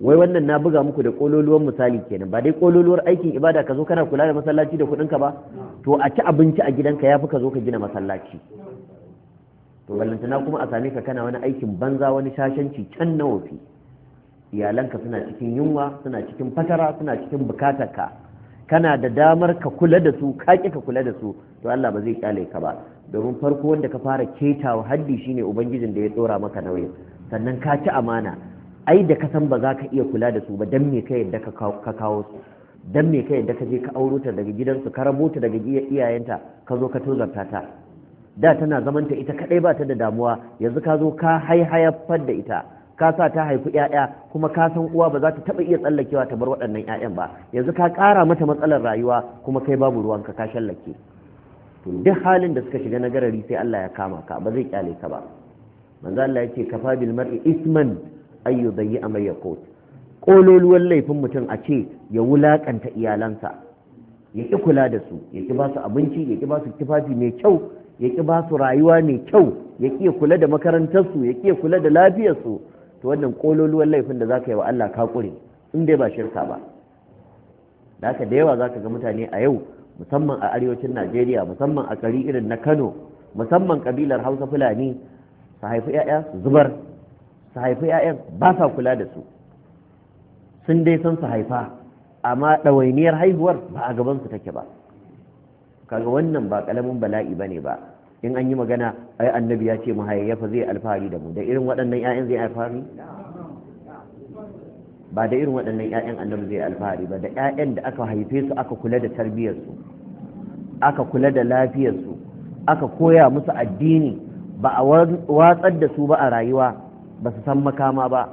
wai wannan na buga muku da kololuwar misali kenan ba dai kololuwar aikin ibada ka zo kana kula da masallaci da kuɗinka ba to a ci abinci a gidanka ya fi ka zo ka gina masallaci to ballantana kuma a same ka kana wani aikin banza wani shashanci can na wofi iyalanka suna cikin yunwa suna cikin fatara suna cikin bukatarka kana da damar ka kula da su ka ka kula da su to Allah ba zai kyale ka ba domin farko wanda ka fara ketawa haddi shine ubangijin da ya tsora maka nauyin sannan ka ci amana ai da ka san ba za ka iya kula da su ba dan me ka yadda ka kawo su dan me ka yadda ka je ka auro ta daga gidansu ka rabo ta daga iyayenta ka zo ka tozarta ta da tana zamanta ita kadai ba ta da damuwa yanzu ka zo ka haihayafar da ita ka sa ta haifi ƴaƴa kuma ka san uwa ba za ta taɓa iya tsallakewa ta bar waɗannan ƴaƴan ba yanzu ka ƙara mata matsalar rayuwa kuma kai babu ruwanka ka shallake to duk halin da suka shiga nagarari sai Allah ya kama ka ba zai kyale ka ba manzo Allah yake kafa bil mar'i isman ay yudayyi am yaqut kololuwan laifin mutum a ce ya wulakanta iyalansa ya ki kula da su ya ki ba su abinci ya ki ba su tufafi mai kyau ya ki ba su rayuwa mai kyau ya ki kula da makarantarsu ya ki kula da lafiyarsu to wannan kololuwan laifin da zaka yi wa Allah ka kure in dai ba shirka ba da haka da yawa zaka ga mutane a yau musamman a arewacin Najeriya musamman a kari irin na Kano musamman kabilar Hausa Fulani su haifi 'ya'ya su zubar su haifi 'ya'yan ba sa kula da su sun dai san su haifa amma ɗawainiyar haihuwar ba a gaban su take ba kaga wannan ba ƙalamin bala'i bane ba in an yi magana ai annabi ya ce mu hayayyafa zai alfahari da mu da irin waɗannan ƴaƴan zai alfahari ba da irin waɗannan ƴaƴan annabi zai alfahari ba da ƴaƴan da aka haife su aka kula da tarbiyyar su aka kula da lafiyar su aka koya musu addini ba a watsar da su ba a rayuwa ba su san makama ba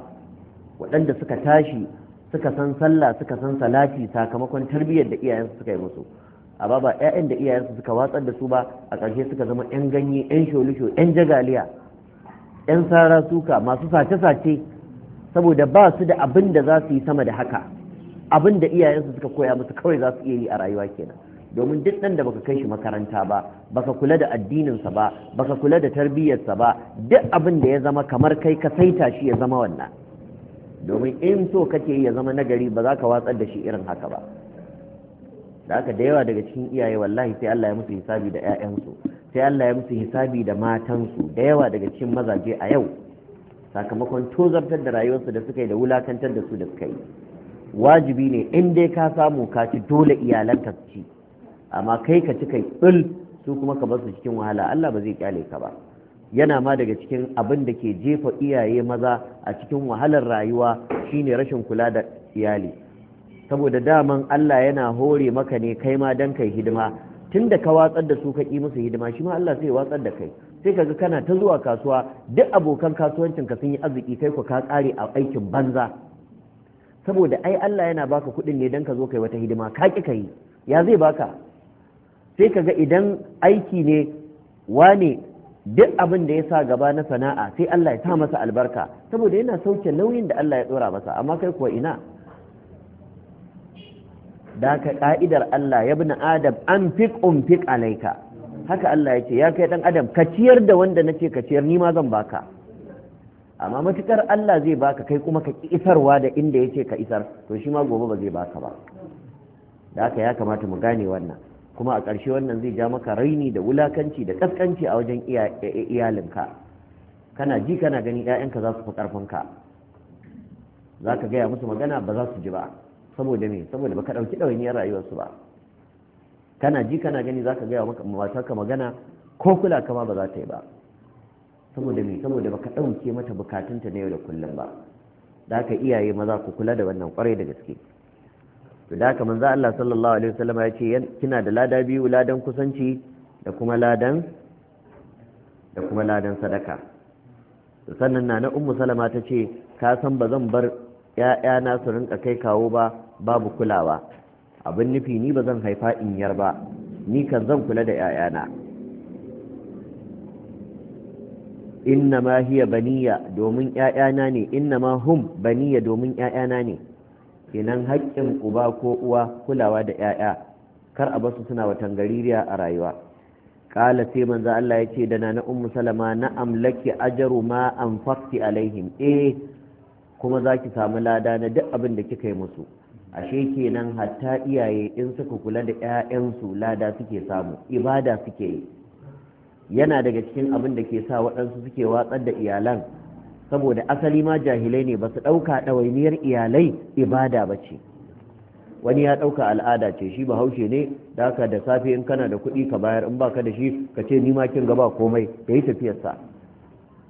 waɗanda suka tashi suka san sallah suka san salati sakamakon tarbiyyar da iyayensu suka yi musu a ba ƴaƴan da iyayensu suka watsar da su ba a ƙarshe suka zama ƴan ganye ƴan sholisho ƴan jagaliya ƴan sara suka masu sace-sace saboda ba su da abin da za su yi sama da haka abin da iyayensu suka koya musu kawai za su iya yi a rayuwa kenan domin duk ɗan da baka kai shi makaranta ba baka kula da addininsa ba baka kula da tarbiyyarsa ba duk abin da ya zama kamar kai ka saita shi ya zama wannan domin in so kake ya zama nagari ba za ka watsar da shi irin haka ba da aka da yawa daga cikin iyaye wallahi sai Allah ya musu hisabi da ƴaƴansu sai Allah ya musu hisabi da matansu da yawa daga cikin mazaje a yau sakamakon tozartar da rayuwarsu da suka yi da wulakantar da su da suka yi wajibi ne in dai ka samu ka ci dole iyalanka su ci amma kai ka ci kai tsul su kuma ka basu cikin wahala Allah ba zai kyale ka ba yana ma daga cikin abin da ke jefa iyaye maza a cikin wahalar rayuwa shine rashin kula da iyali saboda daman Allah yana hore maka ne kai ma dan kai hidima tunda ka watsar da su ka ƙi musu hidima shi ma Allah sai watsar da kai sai kaga kana ta zuwa kasuwa duk abokan kasuwancin ka sun yi arziki kai ku ka ƙare a aikin banza saboda ai Allah yana baka kuɗin ne dan ka zo kai wata hidima ka ƙi kai ya zai baka sai kaga idan aiki ne wane duk abin da ya sa gaba na sana'a sai Allah ya sa masa albarka saboda yana sauke nauyin da Allah ya tsora masa amma kai kuwa ina da ka ka'idar Allah ya bi adam an fiƙ umfiq alaika haka Allah ya ce ya kai dan adam ka ciyar da wanda nace ka ciyar ni ma zan baka amma matukar Allah zai baka kai kuma ka isarwa da inda ya ce ka isar to shi ma gobe ba zai baka ba da haka ya kamata mu gane wannan kuma a ƙarshe wannan zai ja maka raini da wulakanci da kaskanci a wajen iyalinka kana ji kana gani 'ya'yanka za su fi ƙarfinka za ka gaya musu magana ba za su ji ba saboda me saboda baka dauki dawainiyar rayuwarsu ba kana ji kana gani za ka gaya maka matarka magana ko kula kama ba za ta yi ba saboda me saboda baka dauke mata bukatunta na yau da kullum ba da haka iyaye maza ku kula da wannan kwarai da gaske to da haka manzo Allah sallallahu alaihi wasallam ya ce kina da lada biyu ladan kusanci da kuma ladan da kuma ladan sadaka sannan sannan na ummu salama ta ce ka san ba zan bar 'ya'yana su rinka kai kawo ba babu kulawa abin nufi ni ba zan haifa in yar ba ni kan zan kula da 'ya'yana inna ma hiya baniya domin 'ya'yana ne inna ma hum baniya domin 'ya'yana ne kenan haƙƙin uba ko uwa kulawa da 'ya'ya kar a basu suna wa tangaririya a rayuwa kala sai manzo Allah ya ce da na ummu salama na amlaki ajaru ma anfaqti alaihim eh kuma za ki samu lada na duk abin da kika yi musu ashe kenan hatta iyaye in suka kula da 'ya'yansu lada suke samu ibada suke yi yana daga cikin abin da ke sa waɗansu suke watsar da iyalan saboda asali ma jahilai ne ba su ɗauka ɗawainiyar iyalai ibada ba ce wani ya ɗauka al'ada ce shi bahaushe ne da haka da safe in kana da kuɗi ka bayar in baka da shi ka ce ni ma kin gaba komai ka yi tafiyarsa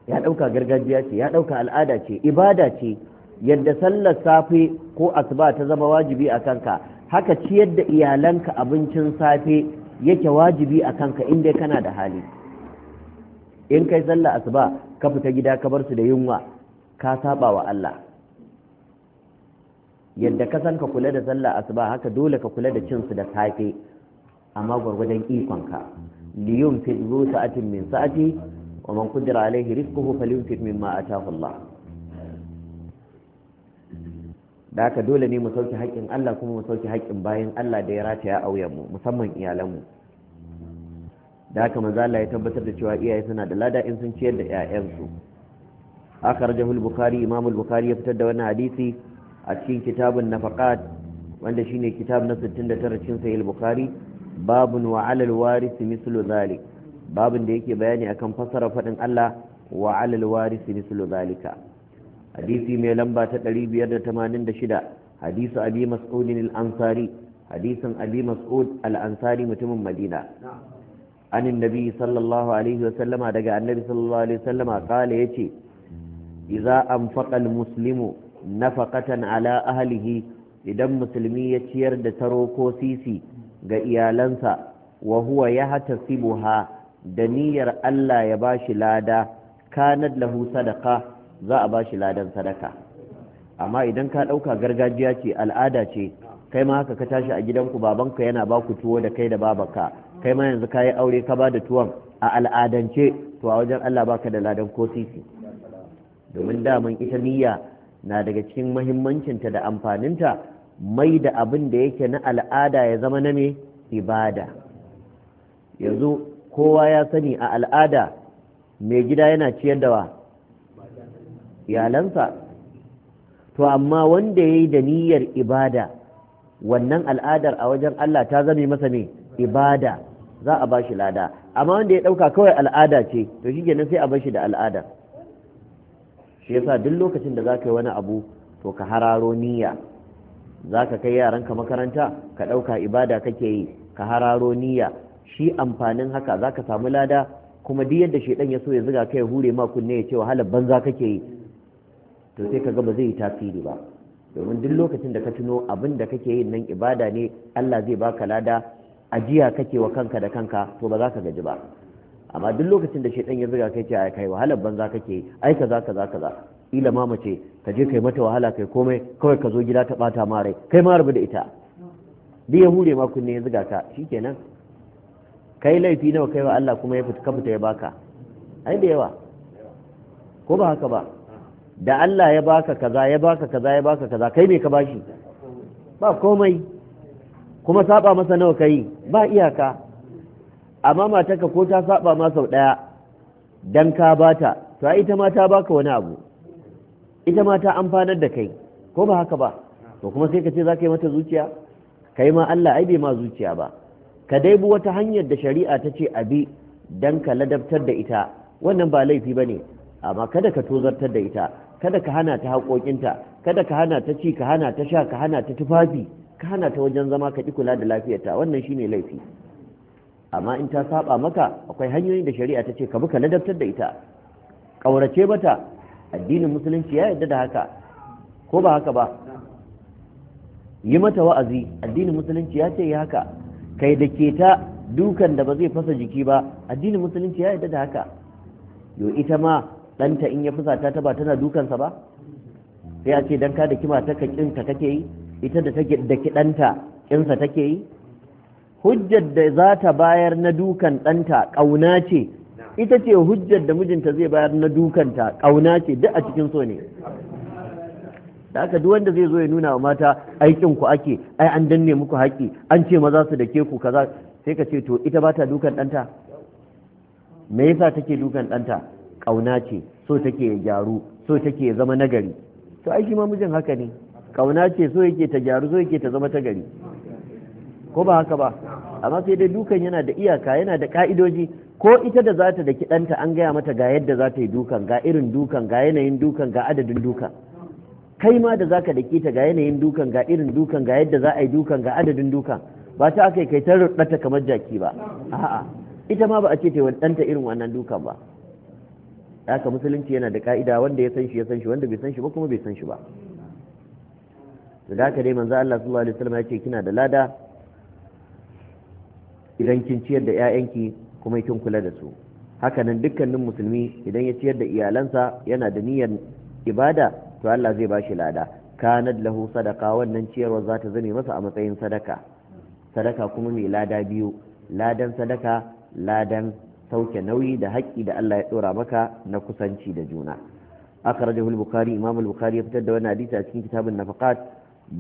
ya ɗauka gargajiya ce ya ɗauka al'ada ce ibada ce yadda sallar safe ko asuba ta zama wajibi a kanka haka ciyar da iyalanka abincin safe yake wajibi a kanka inda kana da hali in kai sallar asuba ka fita gida ka bar su da yunwa ka saba wa Allah yadda ka san ka kula da sallar asuba haka dole ka kula da cin su da safe amma gwargwadon ikonka liyun fi zu sa'atin min sa'ati ومن قدر عليه رزقه فلينفق مما آتاه الله da haka dole ne mu sauke haƙƙin Allah kuma mu sauke haƙƙin bayan Allah da ya rataya a wuyanmu musamman iyalanmu da haka manzo Allah ya tabbatar da cewa iyaye suna da lada in sun ciyar da ƴaƴansu akhrajahu al-bukhari imam al-bukhari ya fitar da wannan hadisi a cikin kitabun nafaqat wanda shine kitab na 69 cikin sahih al-bukhari babun wa 'ala al-warith mithlu dhalik babin da yake bayani akan fasara faɗin Allah wa alal warisi mislu zalika hadisi mai lamba ta 586 hadisu abi mas'ud al-ansari hadisin abi mas'ud al-ansari mutumin madina an annabi sallallahu alaihi wasallama daga annabi sallallahu alaihi wasallama kale yace idza anfaqa al-muslimu nafaqatan ala ahlihi idan musulmi ya ciyar da taro ko sisi ga iyalansa wa huwa yahtasibuha da niyyar Allah ya ba shi lada kanad lahu sadaka za a ba shi ladan sadaka amma idan ka ɗauka gargajiya ce al'ada ce kai ma haka ka tashi a gidanku babanka yana ba ku tuwo da kai da babanka kai ma yanzu ka yi aure ka ba da tuwon a al'adance to a wajen Allah baka da ladan ko sisi domin daman ita niyya na daga cikin mahimmancinta da amfaninta mai da abin da yake na al'ada ya zama na me ibada yanzu kowa ya sani a al'ada mai gida yana ciyar da wa iyalansa to amma wanda ya yi da niyyar ibada wannan al'adar a wajen Allah ta zame masa ne ibada za a bashi lada amma wanda ya ɗauka kawai al'ada ce to shi kenan sai a bashi da al'ada shi yasa duk lokacin da za ka yi wani abu to ka hararo niyya za ka kai yaranka makaranta ka ɗauka ibada kake yi ka hararo niyya shi amfanin haka za ka samu lada kuma duk yadda shaidan ya so ya ziga kai hure ma kunne ya ce wahalar banza kake yi to sai kaga ba zai yi tasiri ba domin duk lokacin da ka tuno abin da kake yin nan ibada ne Allah zai baka lada ajiya kake wa kanka da kanka to ba za ka gaji ba amma duk lokacin da shaidan ya ziga kai ce ai kai wahalar banza kake ai kaza kaza kaza ila ma mace ka je kai mata wahala kai komai kawai ka zo gida ta bata ma rai kai ma rabu da ita duk ya hure ma kunne ya ziga ka shikenan kai laifi nawa kai wa Allah kuma ya fita ya baka ai da yawa ko ba haka ba da Allah ya baka kaza ya baka kaza ya baka kaza kai me ka bashi ba komai kuma saba masa nawa kai ba iyaka amma matarka ko ta saba ma sau daya dan ka bata to ai ita ma ta baka wani abu ita ma ta amfanar da kai ko ba haka ba to kuma sai ka ce za ka yi mata zuciya kai ma Allah ai bai ma zuciya ba ka dai wata hanyar da shari'a ta ce abi dan ka ladabtar da ita wannan ba laifi ba ne amma kada ka tozartar da ita kada ka hana ta haƙoƙinta kada ka hana ta ci ka hana ta sha ka hana ta tufafi ka hana ta wajen zama ka ƙi kula da lafiyarta wannan shine laifi amma in ta saba maka akwai hanyoyin da shari'a ta ce ka bi ka ladabtar da ita ƙaurace mata addinin musulunci ya yarda da haka ko ba haka ba yi mata wa'azi addinin musulunci ya ce yi haka kai da ke ta dukan da ba zai fasa jiki ba addinin musulunci ya yarda da haka yo ita ma ɗanta in ya fasa ta ba tana dukansa ba sai a ce dan ka da kima ta ka ka take yi ita da take da ɗanta kinsa take yi hujjar da za ta bayar na dukan ɗanta ƙauna ce ita ce hujjar da mijinta zai bayar na dukanta ƙauna ce duk a cikin so ne da aka duk wanda zai zo ya nuna wa mata aikin ku ake ai an danne muku haƙi an ce maza su da ku kaza sai ka ce to ita ba ta dukan ɗanta me yasa take dukan ɗanta ƙauna ce so take ya gyaru so take ya zama nagari to ai shi ma mijin haka ne ƙauna ce so yake ta gyaru so yake ta zama ta gari ko ba haka ba amma sai dai dukan yana da iyaka yana da ka'idoji ko ita da za ta daki ɗanta an gaya mata ga yadda za ta yi dukan ga irin dukan ga yanayin dukan ga adadin dukan kai ma da zaka dake ta ga yanayin dukan ga irin dukan ga yadda za a yi dukan ga adadin dukan ba ta aka yi kai ta rudata kamar jaki ba a'a ita ma ba a ce ta wadanta irin wannan dukan ba haka musulunci yana da ka'ida wanda ya san shi ya san shi wanda bai san shi ba kuma bai san shi ba to da haka dai manzo Allah sallallahu alaihi wasallam ya ce kina da lada idan kin ciyar da ƴaƴanki kuma kin kula da su Haka nan dukkanin musulmi idan ya ciyar da iyalansa yana da niyyar ibada to Allah zai bashi lada kanad lahu sadaka wannan ciyarwa za ta zame masa a matsayin sadaka sadaka kuma mai lada biyu ladan sadaka ladan sauke nauyi da haƙƙi da Allah ya ɗora maka na kusanci da juna akhrajahu al-bukhari imam al-bukhari ya fitar da wannan hadisi a cikin kitabun nafaqat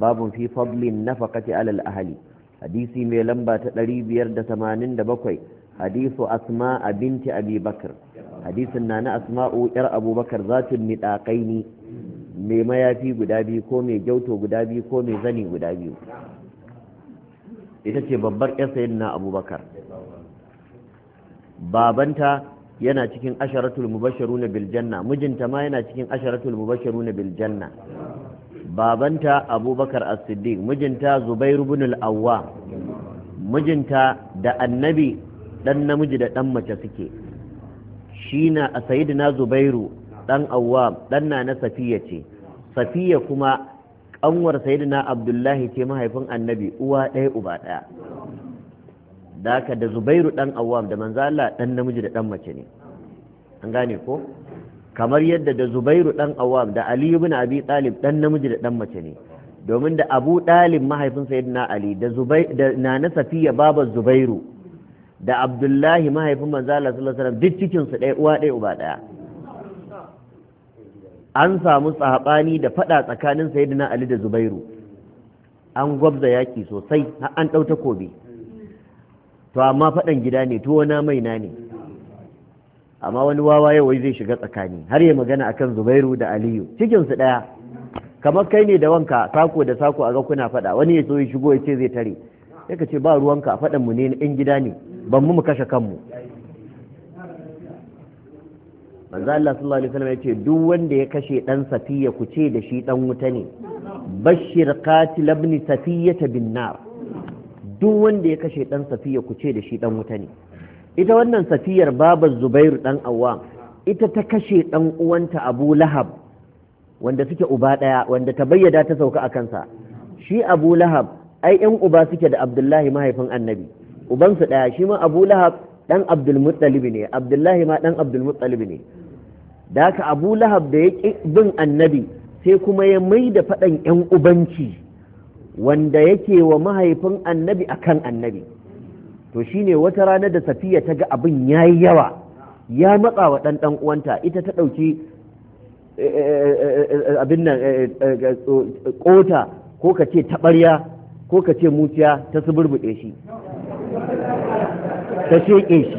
babun fi fadlin nafaqati alal ahli hadisi mai lamba ta 587 hadisu asma binti abi bakr hadisin nana asma'u yar abubakar zatin nidaqaini mai mayafi guda biyu ko mai gyauto guda biyu ko mai zani guda biyu ita ce babbar yin na abubakar babanta yana cikin asharatul Mubasharu na Biljanna. mijinta ma yana cikin asharatul Mubasharu na Biljanna. babanta abubakar as-siddiq mijinta zubair ibn al mijinta da annabi dan namiji da dan mace suke shi na sayyidina zubairu dan awwam dan na safiya ce safiya kuma kanwar sayyidina abdullahi ce mahaifin annabi uwa ɗaya uba ɗaya da da zubairu dan awam da manzo Allah dan namiji da dan mace ne an gane ko kamar yadda da zubairu dan awam da ali ibn abi talib dan namiji da dan mace ne domin da abu dalib mahaifin sayyidina ali da zubai da nana safiya babar zubairu da abdullahi mahaifin manzo Allah sallallahu alaihi wasallam duk cikin su ɗaya uwa ɗaya uba ɗaya an samu sahabani da fada tsakanin sayyidina ali da zubairu an gwabza yaki sosai an ɗau kobe. to amma fadan gida ne tuwo na maina ne amma wani wawa yau wai zai shiga tsakani har ya magana akan zubairu da aliyu cikin su daya kamar kai ne da wanka sako da sako a ga kuna fada wani ya so ya shigo ya ce zai tare sai ce ba ruwanka fadan mu ne na yan gida ne ban mu mu kashe kanmu manzo Allah sallallahu alaihi wasallam yace duk wanda ya kashe dan safiya ku ce da shi dan wuta ne bashir qatil ibn safiyata bin nar duk wanda ya kashe dan safiya ku ce da shi dan wuta ne ita wannan safiyar babar Zubairu dan Awwam ita ta kashe dan uwanta Abu Lahab wanda suke uba daya wanda ta bayyada ta sauka a kansa shi Abu Lahab ai yan uba suke da Abdullahi mahaifin Annabi ubansu daya shi ma Abu Lahab dan Abdul Muttalib ne Abdullahi ma dan Abdul Muttalib ne da haka abu lahab da ya bin annabi sai kuma ya mai da faɗan 'yan ubanci wanda yake wa mahaifin annabi a kan annabi to shi ne wata rana da safiya ta ga abin ya yi yawa ya matsa wa ɗanɗan uwanta ita ta ɗauki eh, eh, eh, abin nan ƙota ko ka ce taɓarya ko ka ce muciya ta suburbuɗe shi ta shi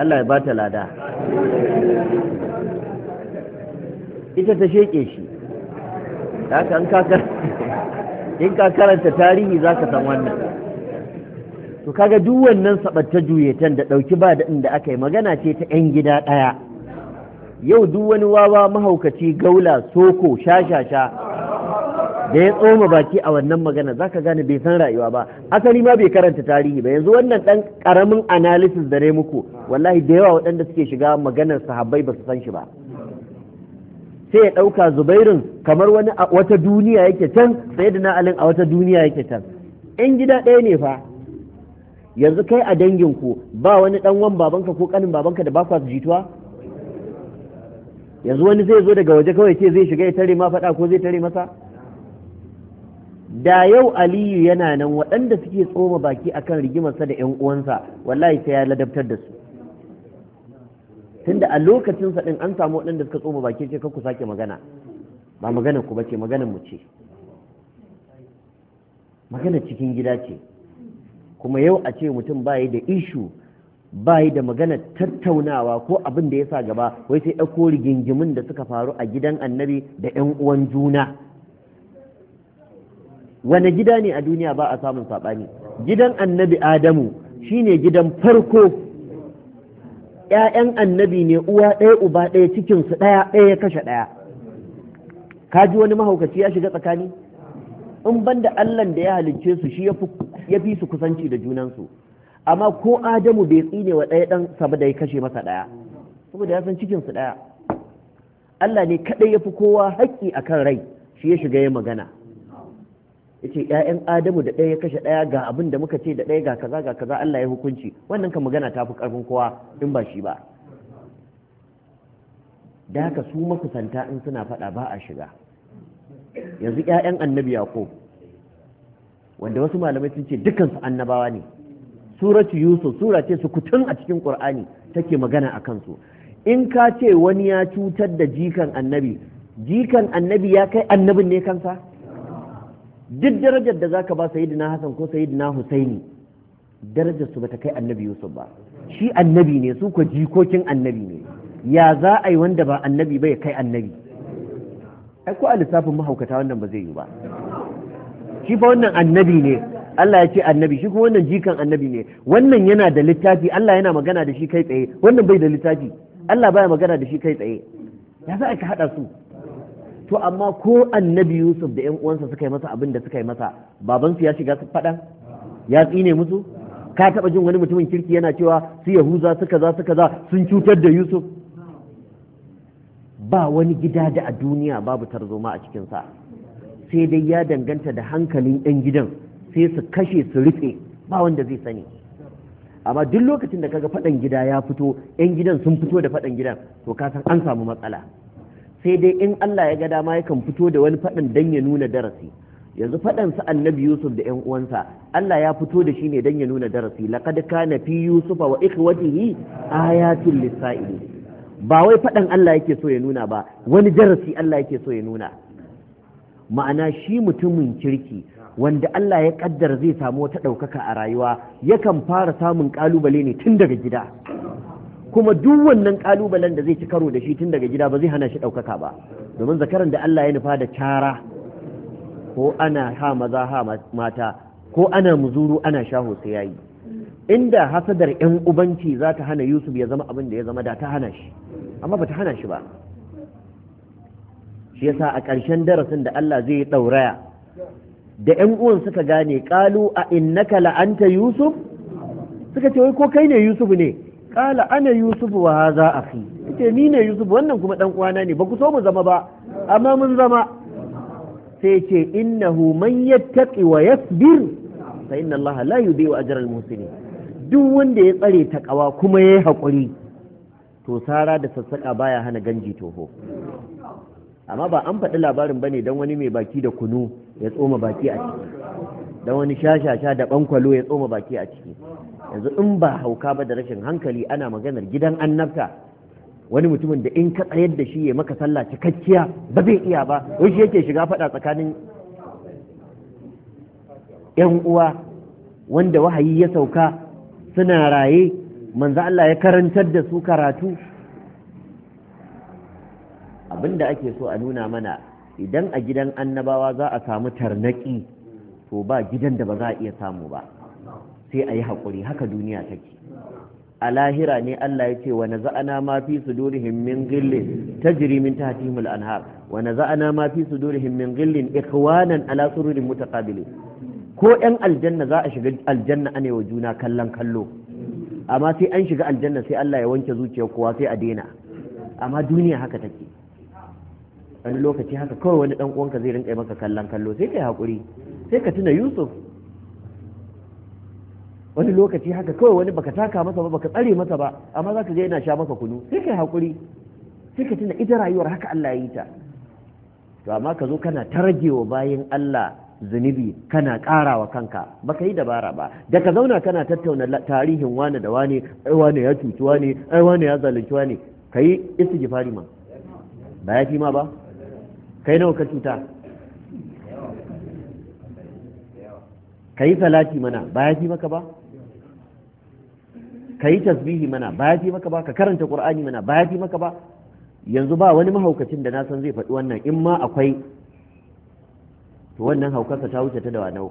Allah ya bata lada ita ta sheke shi haka [laughs] in ka karanta tarihi za ka san wannan to kaga duk wannan sabatta juyetan da ɗauki ba da inda aka yi magana ce ta 'yan gida ɗaya yau duk wani wawa mahaukaci gaula soko shashasha da ya tsoma baki a wannan magana zaka gane bai san rayuwa ba asali ma bai karanta tarihi ba yanzu wannan dan karamin analysis da ne muku wallahi da yawa waɗanda suke shiga maganar sahabbai ba su san shi ba sai ya ɗauka zubairun kamar wani a wata duniya yake can sai da na'alin a wata duniya yake can in gida ɗaya ne fa yanzu kai a danginku ba wani ɗan wan babanka ko ƙanin babanka da ba kwa jituwa yanzu wani zai zo daga waje kawai ce zai shiga ya tare ma faɗa ko zai tare masa da yau aliyu yana nan waɗanda suke tsoma baki akan rigimarsa da 'yan uwansa wallahi sai ya ladabtar da su tunda a lokacin sa din an samu waɗanda suka tsoma baki ce ku sake magana ba magana ku ba ce maganar mu ce magana cikin gida ce kuma yau a ce mutum bayi da ishu bayi da magana tattaunawa ko abin da ya sa gaba wai sai ɗauko rigingimin da suka faru a gidan annabi da 'yan uwan juna wani gida ne a duniya ba a samun saɓani gidan annabi adamu shine gidan farko ‘ya'yan annabi ne uwa ɗaya uba ɗaya cikinsu ɗaya ɗaya ya kashe ɗaya ka ji wani mahaukaci ya shiga tsakani in ban da allan da ya halicce su shi ya fi su kusanci da junansu amma ko adamu bai tsine wa ɗaya ɗan sama da ya kashe masa ɗaya saboda ya san cikinsu ɗaya allah ne kaɗai ya fi kowa haƙƙi akan rai shi ya shiga ya magana yace ƴaƴan adamu da ɗaya ya kashe ɗaya ga abin da muka ce da ɗaya ga kaza ga kaza Allah ya hukunci wannan kan magana ta fi ƙarfin kowa in ba shi ba da haka su makusanta in suna faɗa ba a shiga yanzu ƴaƴan annabi ko wanda wasu malamai sun ce dukansu annabawa ne suratu yusuf sura ce su kutun a cikin qur'ani take magana a kansu in ka ce wani ya cutar da jikan annabi jikan annabi ya kai annabin ne kansa duk darajar da zaka ba sayyidina Hassan ko sayyidina Husaini darajar su bata kai annabi Yusuf ba shi annabi ne su ko jikokin annabi ne ya za a yi wanda ba annabi ba ya kai annabi ai ko a mahaukata wannan ba zai yi ba shi fa wannan annabi ne Allah ya ce annabi shi kuma wannan jikan annabi ne wannan yana da littafi Allah yana magana da shi kai tsaye wannan bai da littafi Allah baya magana da shi kai tsaye ya za a ka haɗa su to amma ko annabi yusuf da yan uwansa suka yi masa abin da suka yi masa babansu ya shiga su faɗa? ya tsine musu ka taɓa jin wani mutumin kirki yana cewa su yahuza su kaza su kaza sun cutar da yusuf ba wani gida da a duniya babu tarzoma a cikinsa sai dai ya danganta da hankalin 'yan gidan sai su kashe su rufe ba wanda zai sani amma duk lokacin da kaga faɗan gida ya fito 'yan gidan sun fito da faɗan gidan to ka san an samu matsala sai dai in Allah ya ga dama yakan fito da wani faɗin dan ya nuna darasi yanzu faɗan su annabi yusuf da 'yan uwansa allah ya fito da shi ne dan ya nuna darasi laqad kana fi yusufa wa ikhwatihi ayatul lisa'ili ba wai faɗan allah yake so ya nuna ba wani darasi allah yake so ya nuna ma'ana shi mutumin kirki wanda allah ya kaddara zai samu wata ɗaukaka a rayuwa yakan fara samun ƙalubale ne tun daga gida kuma duk wannan kalubalen da zai ci karo da shi tun daga gida ba zai hana shi ɗaukaka ba domin zakaran da Allah ya nufa da cara ko ana ha maza ha mata ko ana muzuru ana shaho sai yayi inda hasadar yan ubanci za ta hana Yusuf ya zama abin da ya zama da ta hana shi amma ba ta hana shi ba shi yasa a ƙarshen darasin da Allah zai yi ɗauraya da yan uwan suka gane ƙalu a innaka la'anta Yusuf suka ce wai ko kai ne Yusuf ne kala ana yusufu wa haza akhi yace ni ne yusufu wannan kuma dan uwana ne ba ku so mu zama ba amma mun zama sai ce innahu man yattaqi wa yasbir fa inna Allah la yudhi'u ajra al-muhsinin duk wanda ya tsare ta takawa kuma ya yi hakuri to sara da sassaka baya hana ganji toho amma ba an faɗi labarin bane dan wani mai baki da kunu ya tsoma baki a ciki dan wani shashasha da bankwalo ya tsoma baki a ciki yanzu in ba hauka ba da rashin hankali ana maganar gidan annabta wani mutumin da in ka tsayar da shi ya maka sallah cikakkiya ba zai iya ba wai shi yake shiga faɗa tsakanin yan uwa wanda wahayi ya sauka suna raye manzo Allah ya karantar da su karatu abinda ake so a nuna mana idan a gidan annabawa za a samu tarnaki to ba gidan da ba za a iya samu ba sai a yi haƙuri haka duniya take a lahira ne Allah ya ce wani naza'ana ma fi su sudurihim min ghillin tajri min ta al-anhar wani naza'ana ma fi su sudurihim himmin ghillin ikwanan ala sururin mutaqabilin ko ɗan aljanna za a shiga aljanna ane wa juna kallon kallo amma sai an shiga aljanna sai Allah ya wanke zuciyar kowa sai a daina amma duniya haka take wani lokaci haka kawai wani dan uwanka zai rinka maka kallon kallo sai kai hakuri sai ka tuna Yusuf wani lokaci haka kawai wani baka taka masa ba baka tsare masa ba amma za ka je yana sha maka kunu sai kai hakuri sai ka tuna ita rayuwar haka Allah ya yi ta to amma ka zo kana wa bayan Allah zunubi kana karawa kanka baka yi dabara ba da ka zauna kana tattauna tarihin wane da wane ai wane ya cuci wane ai wane ya zalunci wane kai istighfari ma ba ya fi ma ba kai nawa ka cuta kai salati mana ba ya fi maka ba ka yi tasbihi mana ba ya fi maka ba ka karanta qur'ani mana ba ya fi maka ba yanzu ba wani mahaukacin da na san zai faɗi wannan in ma akwai to wannan haukarsa ta wuce ta da wanau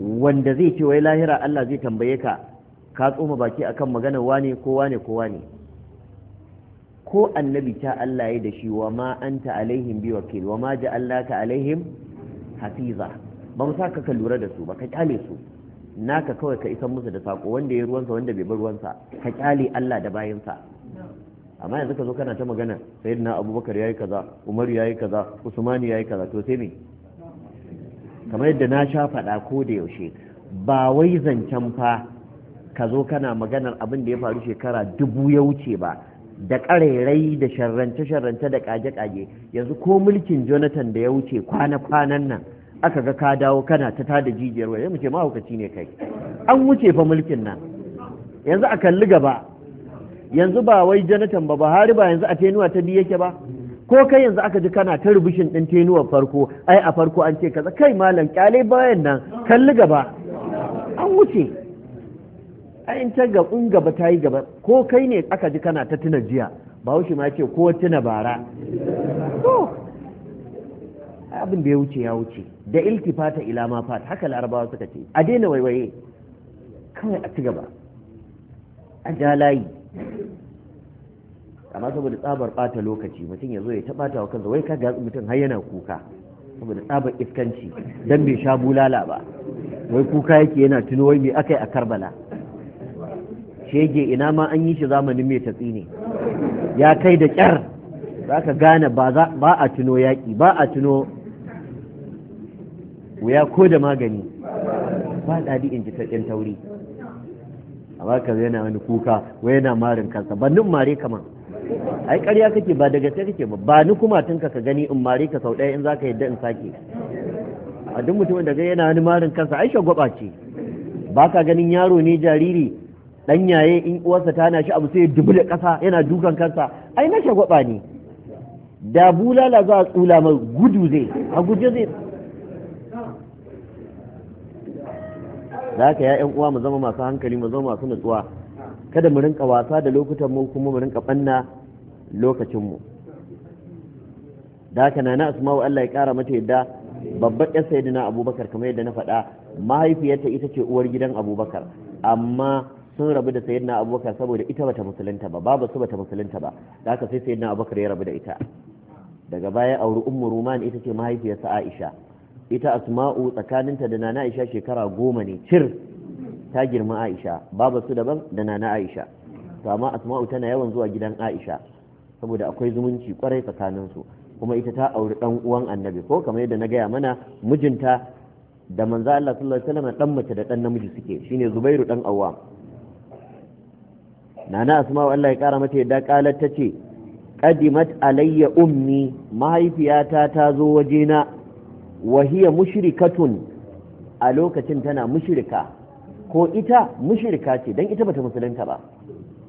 wanda zai ce wai lahira Allah zai tambaye ka ka tsoma baki akan maganar wane ko wane ko wane ko annabi ta Allah ya da shi wa ma anta alaihim bi wakil wa ma ja'alnaka alaihim hafiza ba mu saka ka lura da su ba ka kyale su naka kawai ka isan musu da sako wanda ya ruwansa wanda bai bar ruwansa ka kyale Allah da bayansa amma yanzu ka zo kana ta magana sayyidina abubakar yayi kaza umar yayi kaza usman yayi kaza to sai me kamar yadda na sha faɗa ko da yaushe ba wai zancen fa ka zo kana maganar abin da ya faru shekara dubu ya wuce ba da ƙarairai da sharrance-sharrance da ƙage-ƙage yanzu ko mulkin jonathan da ya wuce kwana-kwanan nan aka ga ka dawo kana ta tada jijiyar waya mu ce mahaukaci ne kai an wuce fa mulkin nan yanzu a kalli gaba yanzu ba wai janatan ba buhari ba yanzu a tenuwa ta biyu yake ba ko kai yanzu aka ji kana ta rubushin din tenuwa farko ai a farko an ce kaza kai malam kyale bayan nan kalli gaba an wuce ai in ta in gaba ta yi gaba ko kai ne aka ji kana ta tuna jiya wuce ma ce ko tuna bara to abin da ya wuce ya wuce da iltifata ila ma fat haka larabawa suka ce a daina waiwaye kawai a ci gaba a ja layi amma saboda tsabar bata lokaci mutum ya zo ya taɓata wa kansa wai ka ga mutum har yana kuka saboda tsabar iskanci dan bai sha bulala ba wai kuka yake yana tuno wai me akai a Karbala shege ina ma an yi shi zamanin mai tatsi ne ya kai da kyar za ka gane ba a tuno yaƙi ba a tuno wuya ko da magani ba daɗi in ji taƙin tauri amma ka yana wani kuka wai yana marin kansa ba nun mare kama ai ƙarya kake ba daga sai kake ba ba ni kuma tun ka gani in mare ka sau ɗaya in zaka yadda in sake a duk mutumin da ga yana wani marin kansa ai shagwaba ce ba ka ganin yaro ne jariri dan yaye in uwarsa ta na shi abu sai dubu da ƙasa yana dukan kansa ai na shagwaba ne da bulala za a tsula mai gudu zai a guje zai da haka ya'yan uwa mu zama masu hankali mu zama masu nutsuwa kada mu rinka wasa da lokutan mu kuma mu rinka banna lokacin mu da haka nana asma'u Allah ya kara mata yadda babbar yar sayyidina abubakar kamar yadda na faɗa mahaifiyarta ita ce uwar gidan abubakar amma sun rabu da sayyidina abubakar saboda ita bata musulunta ba babu su bata musulunta ba da haka sai sayyidina abubakar ya rabu da ita daga baya auri ummu ruman ita ce mahaifiyarsa aisha ita asma'u tsakaninta da nana aisha shekara goma ne cir ta girma aisha baba su daban da nana aisha to amma asma'u tana yawan zuwa gidan aisha saboda akwai zumunci kwarai tsakanin su, kuma ita ta auri dan uwan annabi ko kamar yadda na gaya mana mijinta da manzo Allah sallallahu alaihi wasallam dan mace da dan namiji suke shine Zubairu dan Awwam nana asma'u Allah ya kara mata yadda kalar tace qadimat alayya ummi mahaifiyata ta zo waje na. wahiya mushrikatun a lokacin tana mushrika ko ita mushrika ce don ita bata musulunta ba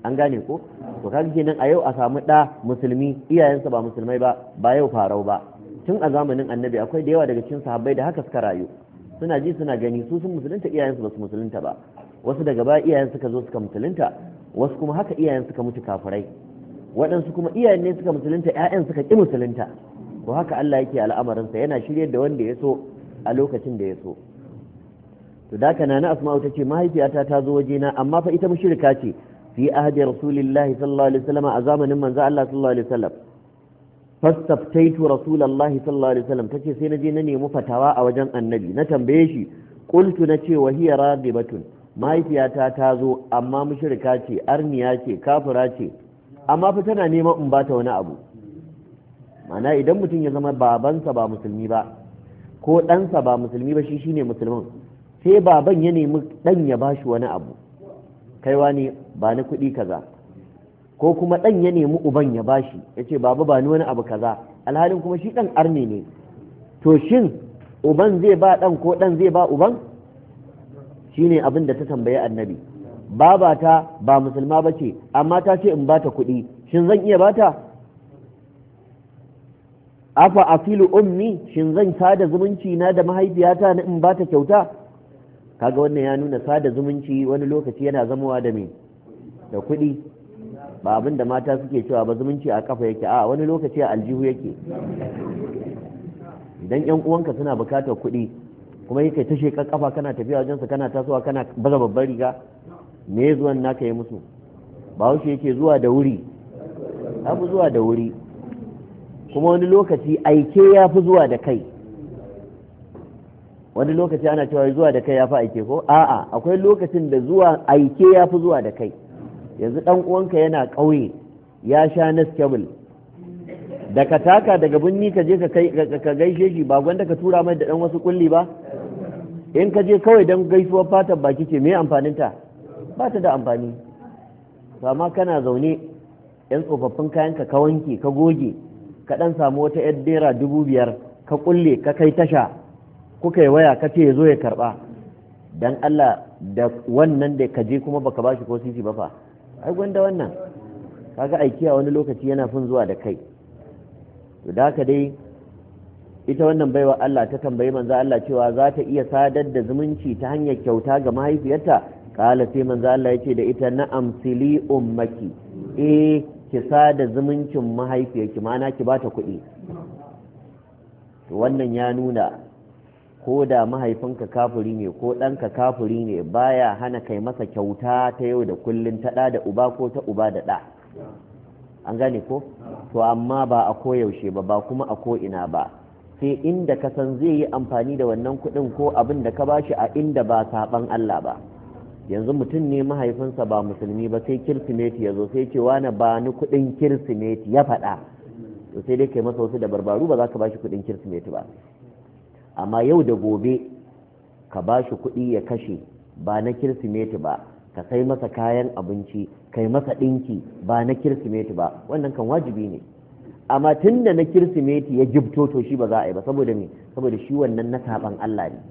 an gane ko to kaga kenan a yau a samu ɗa musulmi iyayensa ba musulmai ba ba yau farau ba tun a zamanin annabi akwai da yawa daga cikin sahabbai da haka suka rayu suna ji suna gani su sun musulunta iyayensu ba su musulunta ba wasu daga baya iyayen suka zo suka musulunta wasu kuma haka iyayen suka mutu kafirai waɗansu kuma iyayen ne suka musulunta ƴaƴan suka ƙi musulunta to haka Allah yake al'amarinsa yana shirye da wanda ya so a lokacin da ya so to da kana na asma'u ce mahaifiyata ta zo wajena amma fa ita mushrika ce fi ahdi rasulillahi sallallahu alaihi wasallam a zamanin manzo Allah sallallahu alaihi wasallam fastaftaitu rasulullahi sallallahu alaihi wasallam tace sai na je na nemi fatawa a wajen annabi na tambaye shi qultu na ce wa hiya radibatun mahaifiyata ta zo amma mushrika ce arniya ce kafira ce amma fa tana neman in bata wani abu Ma'ana idan mutum ya zama babansa ba musulmi ba ko ɗansa ba musulmi ba shi shine musulman. sai baban ya nemi ɗan ya ba shi wani abu kaiwa ne ba na kuɗi kaza ko kuma ɗan ya nemi uban ya ba shi ya ce baba ba ni wani abu kaza alhalin kuma shi ɗan arne ne to shin uban zai ba ɗan ko ɗan zai ba uban shine abin da ta tambayi annabi babata ba musulma ba ce amma ta ce in ba ta kuɗi shin zan iya ba ta? afa afilu ummi shin zan sada zumunci na da mahaifiyata na in bata kyauta kaga wannan ya nuna sada zumunci wani lokaci yana zamowa da me da kuɗi ba abin da mata suke cewa ba zumunci a kafa yake a wani lokaci a aljihu yake idan yan uwanka suna bukatar kuɗi kuma yake ta sheka kafa kana tafiya wajen sa kana tasowa kana baza babbar riga me zuwan naka yi musu ba yake zuwa da wuri abu zuwa da wuri kuma wani lokaci aike ya fi zuwa da kai wani lokaci ana cewa zuwa da kai ya fi aike ko a'a akwai lokacin da zuwa aike ya fi zuwa da kai yanzu dan uwanka yana kauye ya sha na da ka taka daga birni ka je ka gaishe shi ba gwanda ka tura mai da dan wasu kulli ba in ka je kawai don gaisuwar fatan baki ce me amfaninta ba ta da amfani to amma kana zaune yan tsofaffin kayan ka wanke ka goge ka ɗan samu wata yan dera dubu biyar ka kulle ka kai tasha kuka yi waya ka ce ya zo ya karɓa don Allah da wannan da ka je kuma baka bashi ko sisi ba fa ai gwanda wannan kaga aiki a wani lokaci yana fin zuwa da kai to da haka dai ita wannan baiwa Allah ta tambayi manzo Allah cewa za ta iya sadar da zumunci ta hanyar kyauta ga mahaifiyarta kala sai manzo Allah yace da ita na'am sili ummaki eh ki da zumuncin mahaifiyarki mana ki bata kuɗi to wannan ya nuna ko da mahaifinka kafuri ne ko ɗanka kafuri ne baya hana kai masa kyauta ta yau da kullun ta ɗa da uba ko ta uba da ɗa an gane ko to amma ba a koyaushe ba ba kuma a ko'ina ba sai inda ka san zai yi amfani da wannan kuɗin ko abin da ka bashi a inda ba saɓan Allah ba yanzu mutum ne mahaifinsa ba musulmi ba sai kirsimeti ya zo sai ce wani ba ni kuɗin kirsimeti ya faɗa to sai dai kai masa wasu da barbaru ba za ka bashi kuɗin kirsimeti ba amma yau da gobe ka bashi kuɗi ya kashe ba na kirsimeti ba ka sai masa kayan abinci kai masa ɗinki ba na kirsimeti ba wannan kan wajibi ne amma tun da na kirsimeti ya jibto to shi ba za a yi ba saboda me saboda shi wannan na saban Allah ne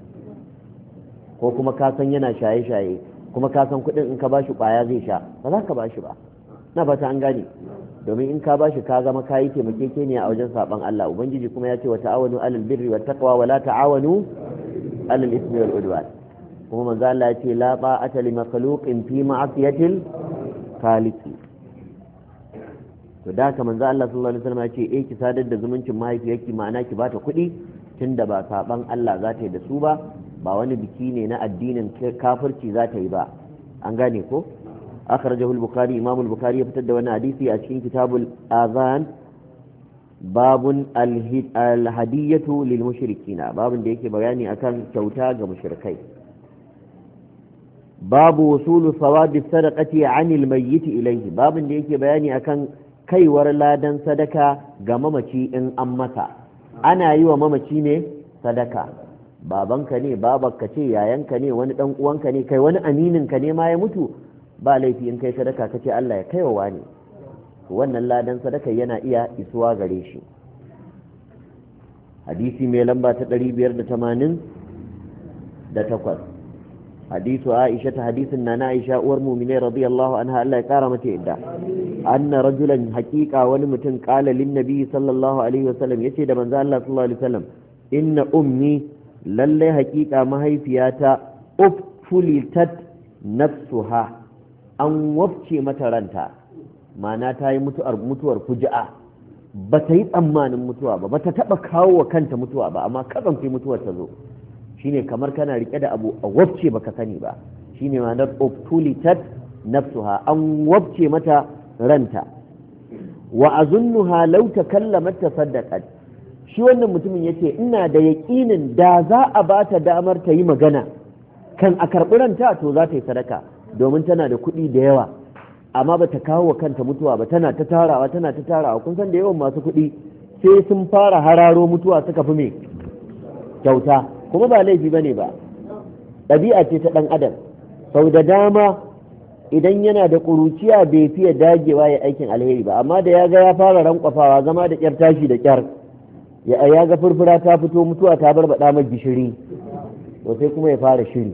ko kuma ka san yana shaye-shaye kuma ka san kuɗin in ka ba shi ƙwaya zai sha ba za ka ba shi ba na fata an gane domin in ka ba bashi ka zama kayi taimakekeniya a wajen saban Allah ubangiji kuma ya ce wa ta'awanu alal birri wat taqwa wa la ta'awanu alal ismi wal udwan kuma manzo Allah ya ce la ba'ata li makhluqin fi ma'siyatil khaliqi to da haka manzo Allah sallallahu alaihi wasallam ya ce eh ki sadar da zumuncin mahaifiyarki ma'ana ki bata kuɗi tunda ba saban Allah za ta yi da su ba ba wani biki ne na addinin kafirci za ta yi ba an gane ko akhrajahu al-bukhari imam al-bukhari ya fitar da wani hadisi a cikin kitabul azan babun al-hadiyatu lil mushrikina babun da yake bayani akan kyauta ga mushrikai babu wasulu sawabi sadaqati anil mayyit ilayhi babun da yake bayani akan kaiwar ladan sadaka ga mamaci in an masa ana yi wa mamaci ne sadaka babanka ne babanka ce yayanka ne wani dan uwanka ne kai wani amininka ne ma ya mutu ba laifi in kai sadaka kace Allah ya kaiwa wani wannan ladan sadaka yana iya isuwa gare shi hadisi mai lamba ta 580 da takwas hadisu Aisha ta hadisin nana Aisha uwar mu'mine radiyallahu anha Allah ya kara mata yadda anna rajulan haqiqa wani mutum qala lin nabi sallallahu alaihi wasallam yace da manzo Allah sallallahu alaihi wasallam inna ummi lallai haƙiƙa mahaifiyata uftulitat nafsuha an wafce mata ranta mana ta yi mutuwar fuji'a ba ta yi tsammanin mutuwa ba ba ta taɓa kawo wa kanta mutuwa ba amma kaɗan kai mutuwar ta zo shine kamar kana riƙe da abu a wafce baka sani ba shine ma'anar uftulitat nafsuha an wafce mata ranta wa azunnuha law takallamat tasaddaqat shi wannan mutumin ya ce ina da yaƙinin da za a ba ta damar ta yi magana kan a karɓi ranta to za ta yi sadaka domin tana da kuɗi da yawa amma ba ta kawo wa kanta mutuwa ba tana ta tarawa tana ta tarawa kun san da yawan masu kuɗi sai sun fara hararo mutuwa suka fi me kyauta kuma ba laifi ba ne ba ɗabi'a ce ta ɗan adam sau da dama idan yana da ƙuruciya bai fiye dagewa ya aikin alheri ba amma da ya ga ya fara rankwafawa zama da ƙyar tashi da ƙyar ya a ga furfura ta fito mutuwa ta bar bada mai gishiri to kuma ya fara shiri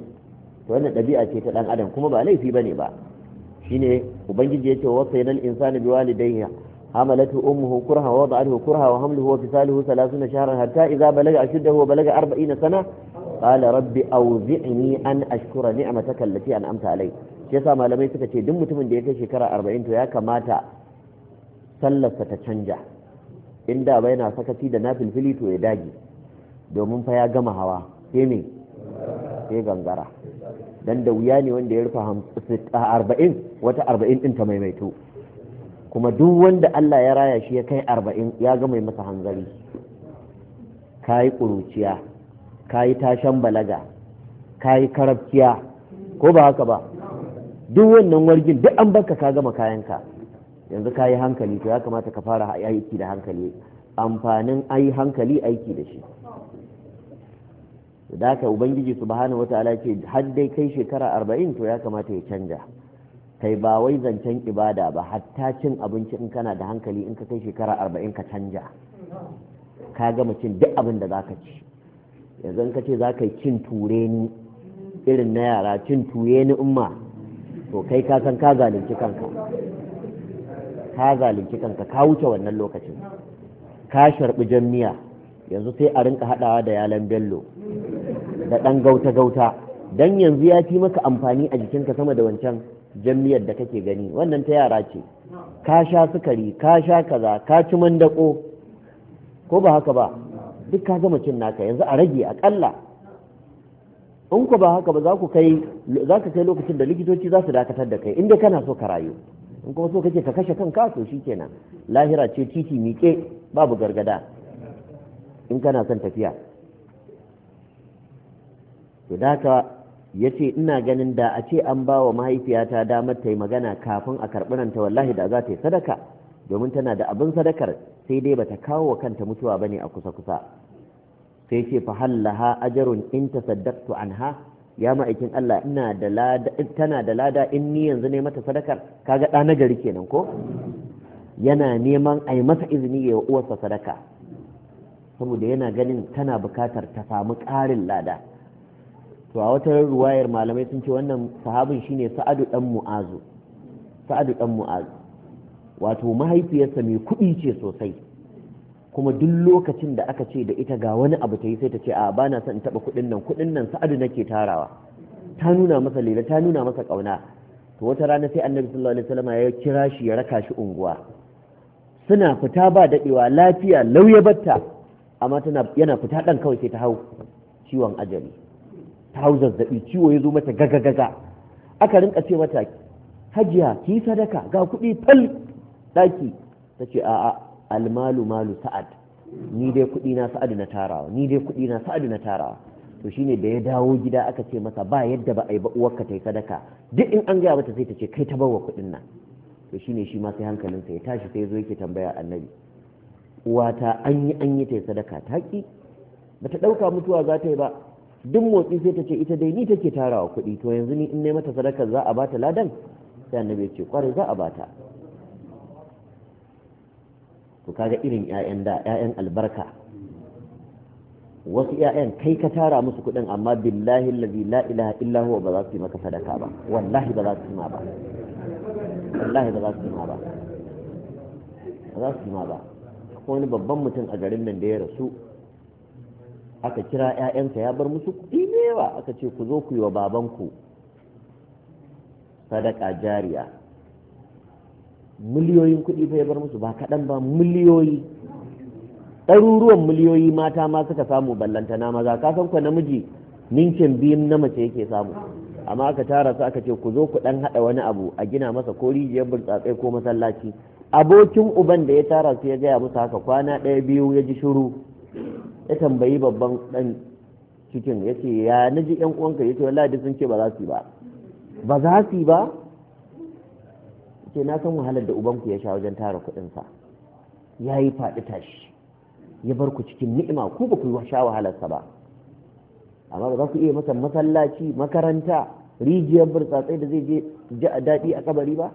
to wannan dabi'a ce ta dan adam kuma ba laifi bane ba shine ubangiji yace wa sayyidal insani bi walidayhi hamalatu ummuhu kurha wa wada'ahu kurha wa hamluhu wa fisaluhu 30 shahran hatta idza balaga ashuddahu wa balaga 40 sana qala rabbi awzi'ni an ashkura ni'mataka allati an'amta alayya yasa malamai suka ce duk mutumin da ya kai shekara arba'in to ya kamata sallarsa ta canja in da bai na sakaci da na filfili to ya dage domin fa ya gama hawa sai me sai gangara dan da wuya ne wanda ya rufa arba'in wata arba'in din ta maimaito kuma duk wanda Allah ya raya shi ya kai arba'in ya gama masa hanzari ka kuruciya ƙuruciya ka tashan balaga ka yi karabciya ko ba haka ba duk wannan wargin duk an baka ka gama kayanka yanzu ka yi hankali to ya kamata ka fara aiki da hankali amfanin ai hankali aiki da shi da haka ubangiji wata ala ce har dai kai shekara arba'in to ya kamata ya canja kai ba wai zancen ibada ba hatta cin abinci in kana da hankali in ka kai shekara arba'in ka canja ka gama cin duk abin da zaka ci yanzu in ka ce za yi cin ture ni irin na yara cin tuye ni umma to kai ka san ka zalunci kanka ka zalunci kanka ka wuce wannan lokacin ka sharbi jammiya yanzu sai a rinka haɗawa da yalan bello da ɗan gauta-gauta don yanzu ya fi maka amfani a jikinka sama da wancan jammiyar da kake gani wannan ta yara ce ka sha sukari ka sha kaza ka ci mandako ko ba haka ba duk ka gama cin naka yanzu a rage akalla in ku ba haka ba za ku kai lokacin da likitoci za su dakatar da kai inda kana so ka rayu in kuma so ce ka kashe kanka to kenan lahira ce titi miƙe babu gargada in kana son tafiya to daka ya ce ina ganin da a ce an ba wa mahaifiyata damar ta yi magana kafin a karɓi ranta wallahi da za ta yi sadaka domin tana da abin sadakar sai dai bata kawo wa kanta mutuwa bane a kusa-kusa sai ce fa hallaha ajarun in tasaddaqtu anha ya ma'aikin Allah ina da lada tana da lada in ni yanzu ne mata sadakar kaga ɗa na gari kenan ko yana neman a yi masa izini ya yi uwarsa sadaka saboda yana ganin tana bukatar ta samu ƙarin lada to a wata ruwayar malamai sun ce wannan sahabin shine sa'adu dan mu'azu sa'adu dan mu'azu wato mahaifiyarsa mai kuɗi ce sosai kuma duk lokacin da aka ce da ita ga wani abu ta yi sai ta ce a ba na son in taɓa kuɗin nan kuɗin nan sa'adu nake tarawa ta nuna masa lila ta nuna masa ƙauna to wata rana sai annabi sallallahu alaihi wasallam ya kira shi ya raka shi unguwa suna fita ba daɗewa lafiya lauya batta amma tana yana fita ɗan kawai sai ta hau ciwon ajali ta hau zazzaɓi ciwo ya zo mata gaga-gaga. aka rinka ce mata hajiya ki sadaka ga kuɗi fal ɗaki ta ce a'a almalu malu sa'ad ni dai kuɗi na sa'ad na tarawa ni dai kuɗi na sa'ad na tarawa to shine da ya dawo gida aka ce masa ba yadda ba a yi ba uwarka ta ta'i sadaka duk in an gaya mata sai ta ce kai ta bawa kuɗin nan to shine shi ma sai hankalinsa ya tashi sai zo yake tambaya annabi uwata an yi an yi ta sadaka ta ki bata ɗauka mutuwa za ta yi ba duk motsi sai ta ce ita dai ni take tarawa kuɗi to yanzu ni in nai mata sadaka za a bata ladan sai annabi ya ce kwarai za a bata to kaga irin ƴaƴan da ƴaƴan albarka wasu ƴaƴan kai ka tara musu kuɗin amma billahi allazi la ilaha illa huwa ba za su yi maka sadaka ba wallahi ba za su yi ma ba wallahi ba za su yi ma ba ba za su yi ma ba akwai wani babban mutum a garin nan da ya rasu aka kira ƴaƴansa ya bar musu kuɗi ne yawa aka ce ku zo ku yi wa babanku sadaka jariya miliyoyin kuɗi fa ya bar musu ba kaɗan ba miliyoyi ɗaruruwan miliyoyi mata ma suka samu ballantana maza ka san ku namiji ninkin biyun na mace yake samu amma aka tara su aka ce ku zo ku ɗan haɗa wani abu a gina masa ko rijiyar burtsatsai ko masallaci abokin uban da ya tara su ya gaya musu haka kwana ɗaya biyu ya ji shiru ya tambayi babban ɗan cikin ya ce ya naji yan uwanka ya ce wallahi sun ce ba za su yi ba ba za su yi ba ce na san wahalar da ubanku ya sha wajen tara kuɗinsa ya yi faɗi tashi ya bar ku cikin ni'ima ku ba ku sha wahalarsa ba amma ba za ku iya masa masallaci makaranta rijiyar burtsatsai da zai je ji a daɗi a kabari ba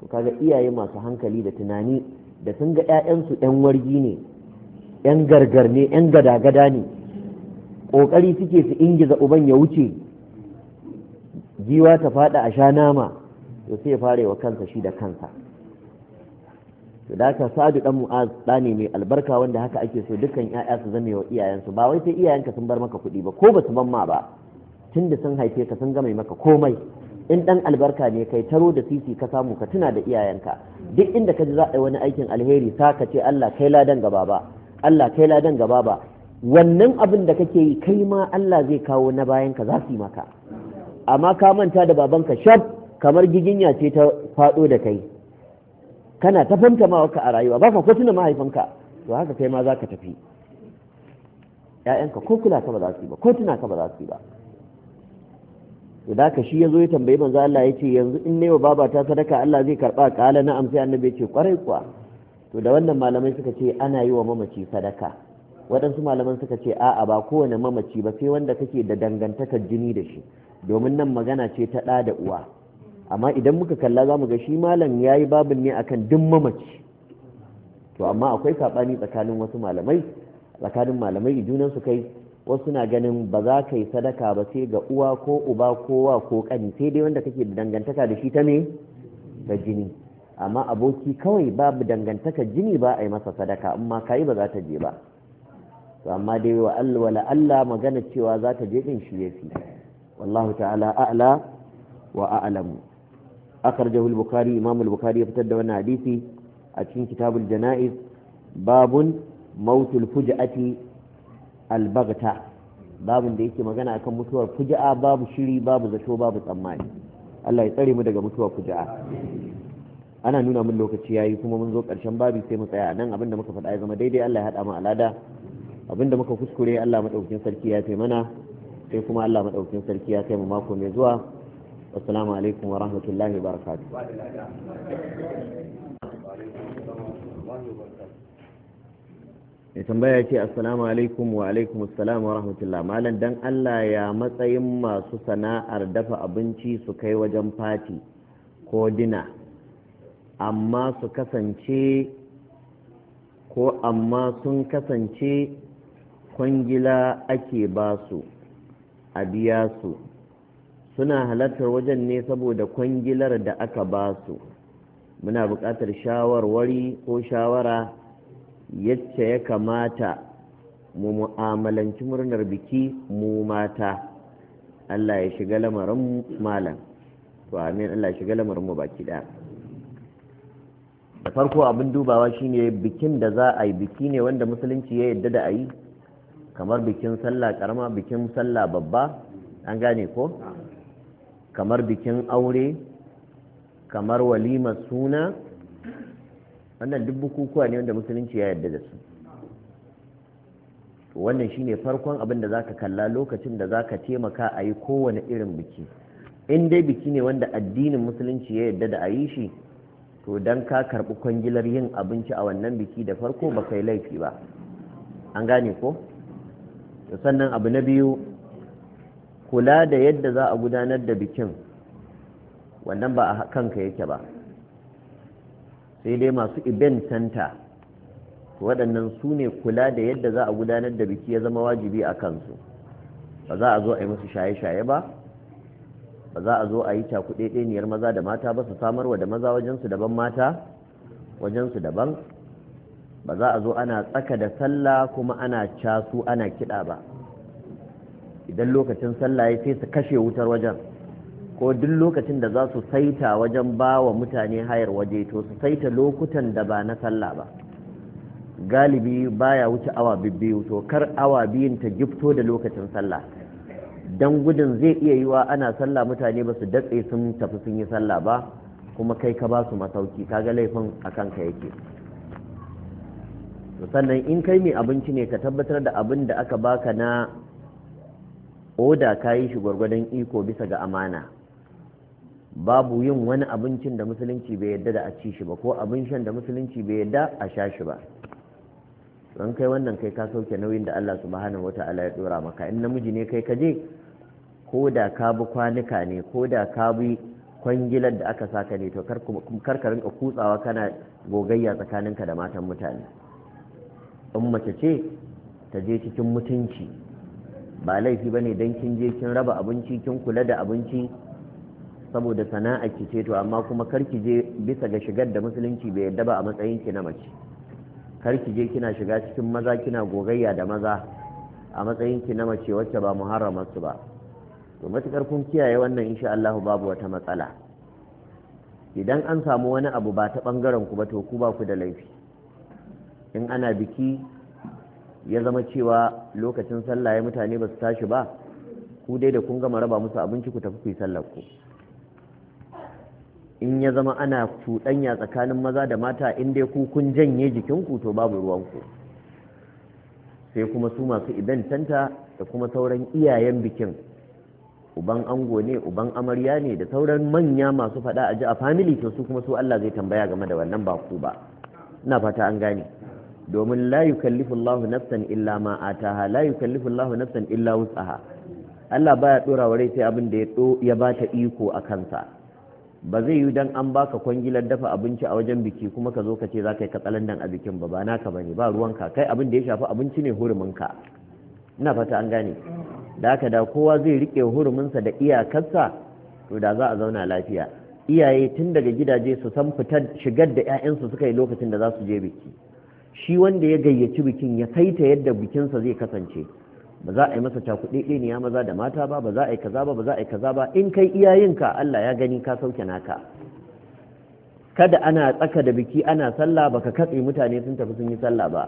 to kaga iyaye masu hankali da tunani da sun ga 'ya'yansu 'yan wargi ne 'yan gargar ne 'yan gada-gada ne ƙoƙari suke su ingiza uban ya wuce jiwa ta faɗa a sha nama to sai ya fare wa kansa shi da kansa to da ka sadu dan mu'az dani mai albarka wanda haka ake so dukkan yaya su zame wa iyayensu ba wai sai iyayenka sun bar maka kuɗi ba ko ba su ban ma ba tunda sun haife ka sun game maka komai in dan albarka ne kai taro da sisi ka samu ka tuna da iyayenka duk inda ka ji za a yi wani aikin alheri sa ka ce Allah kai ladan gaba ba Allah kai ladan gaba ba wannan abin da kake yi kai ma Allah zai kawo na bayan ka za su yi maka amma ka manta da babanka shab kamar giginya ce ta faɗo da kai kana ta fantamawa ka a rayuwa ba ka kwatuna mahaifinka to haka kai ma za ka tafi ‘ya'yanka ko kula ka ba za su yi ba ko tuna ka ba za su yi ba to da ka shi ya zo ya tambayi manzo Allah ya ce yanzu in ne wa baba ta sadaka Allah zai karɓa kala na amsa annabi ya ce kwarai kuwa to da wannan malamai suka ce ana yi wa mamaci sadaka waɗansu malaman suka ce a'a ba kowane mamaci ba sai wanda kake da dangantakar jini da shi domin nan magana ce ta ɗa da uwa amma idan muka kalla za mu ga shi malam ya yi babin ne kan duk mamaci to amma akwai saɓani tsakanin wasu malamai tsakanin malamai junansu su kai wasu na ganin ba za ka yi sadaka ba sai ga uwa ko uba ko wa ko kani sai dai wanda kake da dangantaka da shi ta ne da jini amma aboki kawai babu dangantaka jini ba a yi masa sadaka amma ka yi ba za ta je ba to amma dai wa Allah Allah magana cewa za ta je din shi yafi wallahu ta'ala a'la wa a'lamu akhrajahu al-bukhari imam bukhari ya fitar da wannan hadisi a cikin kitabul janaiz babun mautul fujati al-baghta babun da yake magana akan mutuwar fuja'a babu shiri babu zato babu tsammani Allah ya tsare mu daga mutuwar fuja'a ana nuna min lokaci yayi kuma mun zo karshen babi sai mu tsaya nan abinda muka faɗa ya zama daidai Allah ya haɗa mu alada abinda muka kuskure Allah madaukakin sarki ya kai mana sai kuma Allah madaukakin sarki ya kai mu mako mai zuwa wassalamu alaikum wa rahmatullahi wa ya tambaya ce assalamu alaikum wa alaikum assalam wa rahmatullah malam dan Allah ya matsayin masu sana'ar dafa abinci su kai wajen fati ko dina amma su kasance ko amma sun kasance kwangila ake ba su a biya su suna halartar wajen ne saboda kwangilar da aka ba su muna buƙatar shawarwari ko shawara yadda ya kamata mu mu'amalanci murnar biki mu mata Allah ya shiga lamarin malam to amin Allah ya shiga lamarin mu baki da da farko abin dubawa shine bikin da za a yi biki ne wanda musulunci ya yadda da a yi kamar bikin sallah karama bikin sallah babba an gane ko kamar bikin aure kamar walima suna wannan duk bukukuwa ne wanda musulunci ya yarda da su wannan shine farkon abin da zaka kalla lokacin da zaka taimaka a yi kowane irin biki in dai biki ne wanda addinin musulunci ya yarda da a yi shi to dan ka karɓi kwangilar yin abinci a wannan biki da farko ba kai laifi ba an gane ko sannan abu na biyu kula da yadda za a gudanar da bikin wannan ba a kanka yake ba sai dai masu event center waɗannan su ne kula da yadda za a gudanar da biki ya zama wajibi a kansu ba za a zo a yi musu shaye-shaye ba ba za a zo a yi cakuɗeɗeniyar maza da mata ba su samarwa da maza wajensu daban mata wajensu daban ba za a zo ana tsaka da sallah kuma ana casu ana kiɗa ba idan lokacin sallah ya sai su kashe wutar wajen ko duk lokacin da za su saita wajen ba wa mutane hayar waje to su saita lokutan da ba na sallah ba galibi baya wuce awa bibbiyu to kar awa biyun ta gifto da lokacin sallah don gudun zai iya yiwa ana sallah mutane ba su datse sun tafi sun yi sallah ba kuma kai ka ba su masauki kaga laifin a kanka yake sannan in kai mai abinci ne ka tabbatar da abin da aka baka na ko da ka yi shi gwargwadon iko bisa ga amana babu yin wani abincin da musulunci bai yadda da a ci shi ba ko abin shan da musulunci bai yadda a sha shi ba don kai wannan kai ka sauke nauyin da Allah subhanahu ta'ala ya dora maka in namiji ne kai kaje ko da ka bi kwanuka ne ko da ka bi kwangilar da aka saka ne to kar ka rinka kutsawa kana gogayya tsakaninka da matan mutane in mace ce ta je cikin mutunci ba laifi ba ne don kin je kin raba abinci kin kula da abinci saboda sana'a ki ce to amma kuma kar ki je bisa ga shigar da musulunci bai yadda ba a matsayin ki na mace kar ki je kina shiga cikin maza kina gogayya da maza a matsayin ki na mace wacce ba muharramar su ba to matukar kun kiyaye wannan insha Allah babu wata matsala idan an samu wani abu ba ta bangaren ku ba to ku ba ku da laifi in ana biki ya zama cewa lokacin sallah ya mutane ba su tashi ba ku dai da kun gama raba musu abinci ku tafi ku yi sallar ku in ya zama ana cuɗanya tsakanin maza da mata in dai ku kun janye jikinku to babu ruwanku sai kuma su masu tanta da kuma sauran iyayen bikin uban ango ne uban amarya ne da sauran manya masu faɗa a ji a family to su kuma su Allah zai tambaya game da wannan ba ku ba ina fata an gane domin la yukallifu Allahu nafsan illa ma ataha la yukallifu Allahu nafsan illa wus'aha Allah baya dora wa rai sai abin da ya ya bata iko a kansa ba zai yi dan an baka kwangilar dafa abinci a wajen biki kuma ka zo ka ce za ka yi katsalandan a bikin ba ba naka bane ba ruwanka kai abin da ya shafi abinci ne huruminka ina fata an gane da haka da kowa zai rike huruminsa da iyakarsa to da za a zauna lafiya iyaye tun daga gidaje su san fitar shigar da 'ya'yansu suka yi lokacin da za su je biki shi wanda ya gayyaci bikin ya saita yadda bikinsa zai kasance ba za a yi masa cakuɗe ya maza da mata ba ba za a yi kaza ba ba za a yi kaza ba in kai iyayenka Allah ya gani ka sauke naka kada ana tsaka da biki ana sallah baka katse mutane sun tafi sun yi sallah ba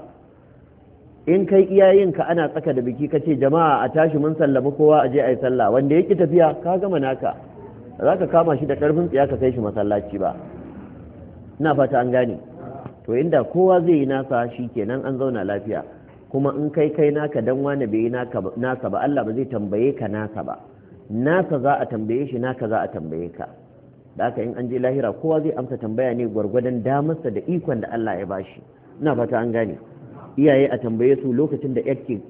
in kai iyayenka ana tsaka da biki ka ce jama'a a tashi mun sallama kowa a je a yi sallah wanda yake tafiya ka gama naka za ka kama shi da ƙarfin tsiya ka kai shi masallaci ba ina fata an gane to inda kowa zai yi nasa shi kenan an zauna lafiya kuma in kai kai naka dan wani bai yi nasa ba Allah ba zai tambaye ka nasa ba nasa za a tambaye shi naka za a tambaye ka da haka in an je lahira kowa zai amsa tambaya ne gwargwadon damarsa da ikon da Allah ya bashi ina fata an gane iyaye a tambaye su lokacin da yake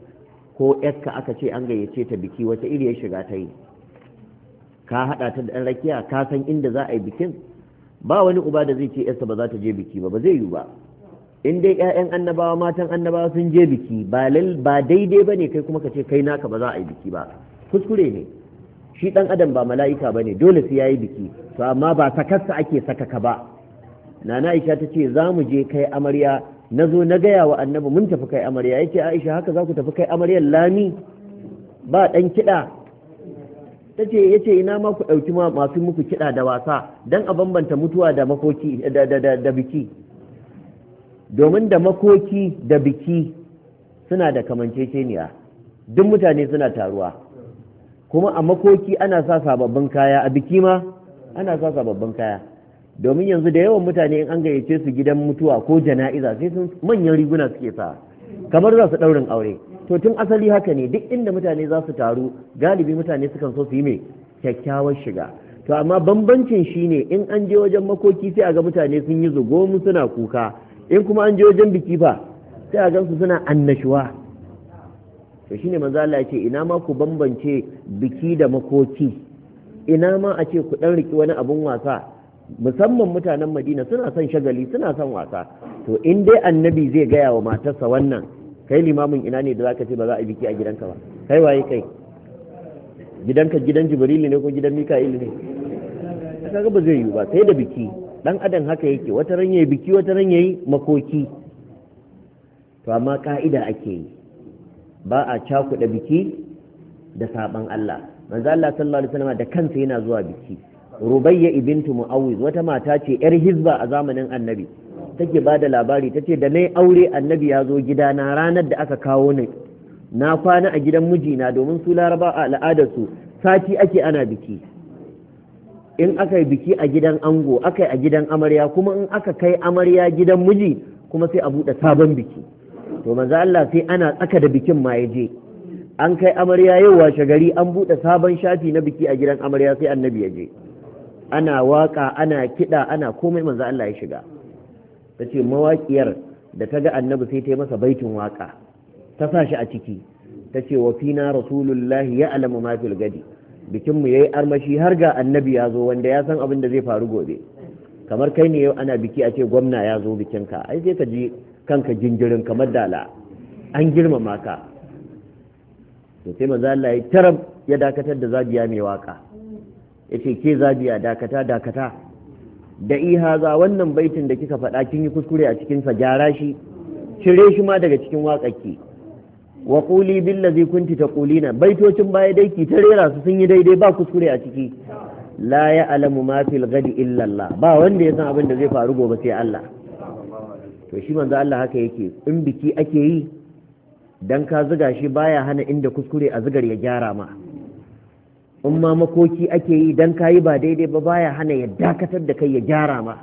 ko yakka aka ce an gayyace ta biki wata iri ya shiga ta yi ka haɗa ta da ɗan rakiya ka san inda za a yi bikin ba wani uba da zai ce yarsa ba za ta je biki ba ba zai yi ba in dai ƴaƴan annabawa matan annabawa sun je biki ba lal ba daidai bane kai kuma ka ce kai naka ba za a yi biki ba kuskure ne shi dan adam ba mala'ika bane dole sai yayi biki to amma ba sakarsa ake ka ba nana Aisha ta ce za mu je kai amarya na zo na gaya wa annabi mun tafi kai amarya yace Aisha haka za ku tafi kai amaryar lami ba dan kiɗa ta ce ya ce ina ma ku ɗauki masu muku kiɗa da wasa don a bambanta mutuwa da makoki da biki domin da makoki da biki suna da kamanceceniya duk mutane suna taruwa kuma a makoki ana sa sababbin kaya a biki ma ana sa sababbin kaya domin yanzu da yawan mutane in an gayyace su gidan mutuwa ko jana'iza sai sun manyan riguna suke sa kamar za su ɗaurin aure to tun asali haka ne duk inda mutane za su taru galibi mutane sukan so su yi mai kyakkyawar shiga to amma bambancin shine in an je wajen makoki sai a ga mutane sun yi zugomu suna kuka in kuma an je wajen biki fa sai a gansu suna annashuwa to shine manzo Allah ya ce ina ma ku bambance biki da makoki ina ma a ce ku dan riki wani abun wasa musamman mutanen Madina suna son shagali suna son wasa to in dai annabi zai gaya wa matarsa wannan kai limamin ina ne da zaka ce ba za a biki a gidanka ba kai waye kai gidanka gidan jibril ne ko gidan mika'ilu ne kaga ba zai yiwu ba sai da biki dan adam haka yake wata ran yayi biki wata ran yayi makoki to amma ka'ida ake yi ba a cakuɗa biki da saban Allah manzo Allah sallallahu alaihi wasallam da kansa yana zuwa biki rubayya ibn mu'awiz wata mata ce yar hizba a zamanin annabi take ba da labari ta ce da na aure annabi ya zo gidana ranar da aka kawo ni na kwana a gidan mijina domin su laraba a al'adarsu sati ake ana biki in aka yi biki a gidan ango aka yi a gidan amarya kuma in aka kai amarya gidan miji kuma sai a buɗe sabon biki to manzo Allah sai ana tsaka da bikin ma ya je an kai amarya yau washe gari an buɗe sabon shafi na biki a gidan amarya sai annabi ya je ana waka ana kiɗa ana komai manzo Allah ya shiga ta ce mawaƙiyar da ta ga annabi sai ta yi masa baitin waƙa ta sa shi a ciki ta ce wa fina rasulullahi ya alamu mafil gadi Bikinmu mu yayi armashi har ga annabi ya zo wanda ya san abin da zai faru gobe kamar kai ne yau ana biki a ce gwamna ya zo bikinka. ai sai ka ji kanka jinjirin kamar dala an girmama ka to sai manzo Allah ya tarab ya dakatar da zabiya mai waka yace ke zabiya dakata dakata da ihaza wannan baitin da kika faɗa kin yi kuskure a cikin sa gyara shi cire shi ma daga cikin wakaki wa quli billazi kunti taqulina baitocin baya dai ki ta rera su sun yi daidai ba kuskure a ciki la alamu ma fil ghadi illa Allah ba wanda ya san abin da zai faru gobe sai Allah to shi manzo Allah haka yake in biki ake yi dan ka zuga shi baya hana inda kuskure a zugar ya gyara ma in ma makoki ake yi dan kayi ba daidai ba baya hana ya dakatar da kai ya gyara ma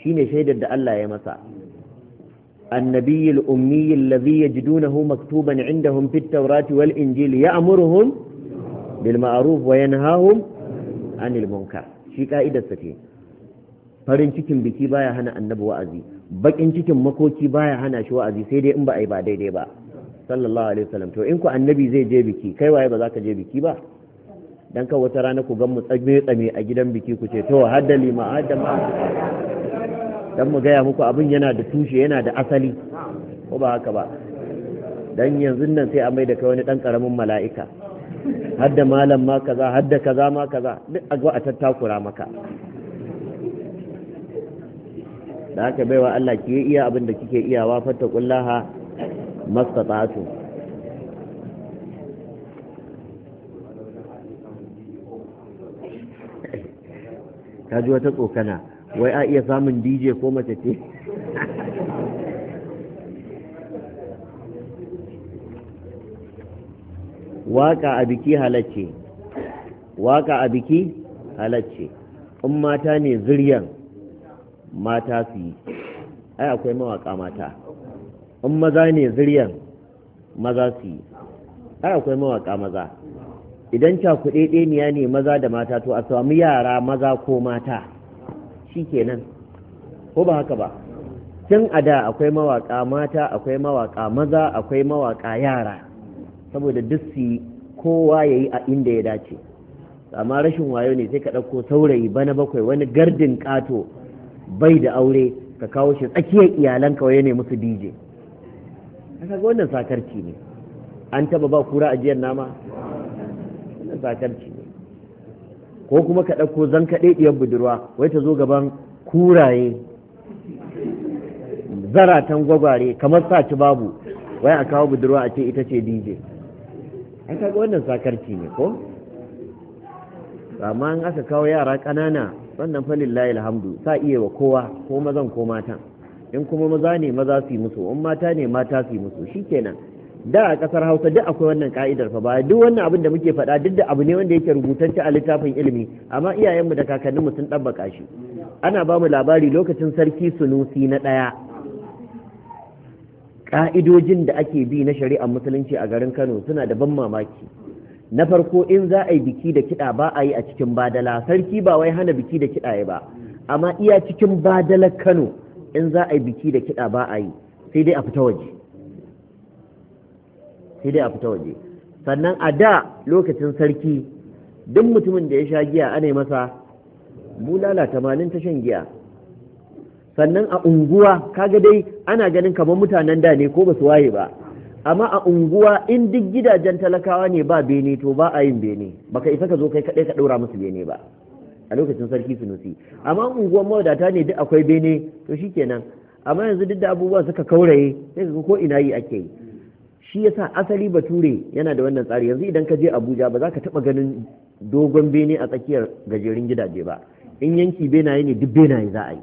shine shaidar da Allah ya masa النبي الأمي الذي يجدونه مكتوبا عندهم في التوراة والإنجيل يأمرهم بالمعروف وينهاهم عن المنكر شي قائدة ستين farin cikin biki baya hana annabi wa'azi bakin cikin makoki baya hana shi wa'azi sai dai in ba ai ba daidai ba sallallahu alaihi wasallam to in ku annabi zai je biki kai waye ba za ka je biki ba dan ka wata rana ku gan mu tsame a gidan biki ku ce to haddali ma haddama dan mu gaya muku abin yana da tushe yana da asali ko ba haka ba dan yanzu nan sai a mai da kai wani dan karamin mala'ika hadda malam ma kaza hadda kaza ma kaza duk a a tattakura maka da haka baiwa Allah ki iya abin da kike iyawa kullaha mastata'atu ta ji wata tsokana wai a iya samun dj ko mace ce waka a biki halacce waka a biki halacce in mata ne ziryan mata su yi ai akwai mawaka mata in maza ne ziryan maza su yi ai akwai mawaka maza idan cakuɗeɗeniya ne maza da mata to a samu yara maza ko mata shi kenan ko ba haka ba tun a da akwai mawaƙa mata akwai mawaƙa maza akwai mawaƙa yara saboda duk su kowa ya yi a inda ya dace amma rashin wayo ne sai ka ɗauko saurayi bana bakwai wani gardin ƙato bai da aure ka kawo shi tsakiyar iyalan kawai ne musu dije kaga wannan sakarci ne an taba ba kura ajiyar nama sakarci ne ko kuma ka ɗauko zan kaɗe ɗiyar budurwa wai ta zo gaban kuraye zaratan gwagware kamar saci babu wai a kawo budurwa a ce ita ce dj an kaga wannan sakarci ne ko amma in aka kawo yara ƙanana wannan falin layi alhamdu sa iya wa kowa ko mazan ko matan in kuma maza ne maza su yi musu in mata ne mata su yi musu shikenan da a kasar hausa duk akwai wannan ka'idar fa ba duk wannan abin da muke faɗa duk da abu ne wanda yake rubutacce a littafin ilimi amma iyayenmu da kakanninmu sun ɗabbaka shi ana ba mu labari lokacin sarki sunusi na ɗaya ka'idojin da ake bi na shari'ar musulunci a garin kano suna da ban mamaki na farko in za a yi biki da kiɗa ba a yi a cikin badala sarki ba wai hana biki da kiɗa ba amma iya cikin badalar kano in za a yi biki da kiɗa ba a yi sai dai a fita waje sai dai a fita waje sannan a da lokacin sarki duk mutumin da ya sha giya ana masa bulala tamanin ta shan giya sannan a unguwa kaga dai ana ganin kamar mutanen da ne ko ba su waye ba amma a unguwa in duk gidajen talakawa ne ba bene to ba a yin bene baka isa ka zo kai kaɗai ka ɗora musu bene ba a lokacin sarki sunusi amma unguwar mawadata ne duk akwai bene to shi shikenan amma yanzu duk da abubuwa suka kauraye sai ka ko ina yi ake yi shi yasa asali bature yana da wannan tsari yanzu idan ka je abuja ba za ka taba ganin dogon bene a tsakiyar gajerun gidaje ba in yanki benaye ne duk benaye za a yi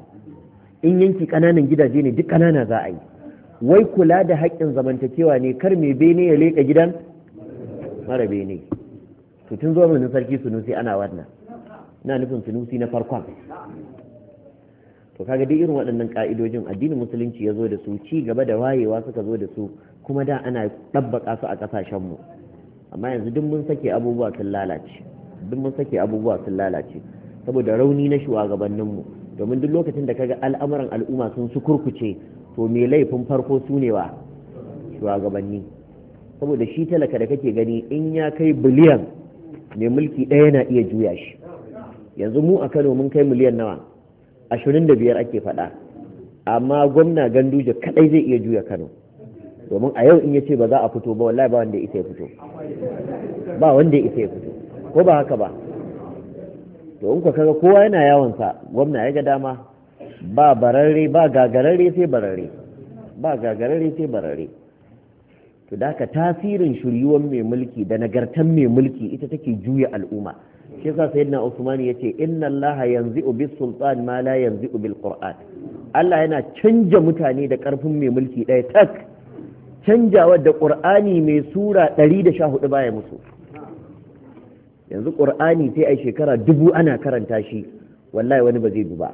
in yanki kananan gidaje ne duk kanana za a yi wai kula da haƙƙin zamantakewa ne kar mai bene ya leƙa gidan mara bene to tun zuwa mun sarki sunusi ana wannan ina nufin sunusi na farkon to kaga duk irin waɗannan ka'idojin addinin musulunci ya zo da su ci gaba da wayewa suka zo da su kuma da ana ɗabbaƙa su a ƙasashenmu amma yanzu duk mun sake abubuwa sun lalace duk mun sake abubuwa sun lalace saboda rauni na shugabanninmu domin duk lokacin da kaga al'amuran al'umma sun su kurkuce to me laifin farko su ne wa shugabanni saboda shi talaka da kake gani in ya kai biliyan mai mulki ɗaya na iya juya shi yanzu mu a kano mun kai miliyan nawa ashirin da biyar ake faɗa amma gwamna ganduje kaɗai zai iya juya kano domin a yau in ya ce ba za a fito ba wallahi ba wanda ya isa ya fito ba wanda ya isa ya fito ko ba haka ba to in ka kaga kowa yana yawon sa gwamna ya ga dama ba bararre ba gagararre sai bararre ba gagararre sai bararre to da ka tasirin shuriyuwan mai mulki da nagartan mai mulki ita take juya al'umma shi yasa sayyidina Usman yace inna Allah yanzi'u bis sultan ma la yanzi'u bil qur'an Allah yana canja mutane da karfin mai mulki ɗaya tak canjawa da ƙur'ani mai sura 114 baya mutu yanzu ƙur'ani sai a shekara dubu ana karanta shi wallahi wani ba zai duba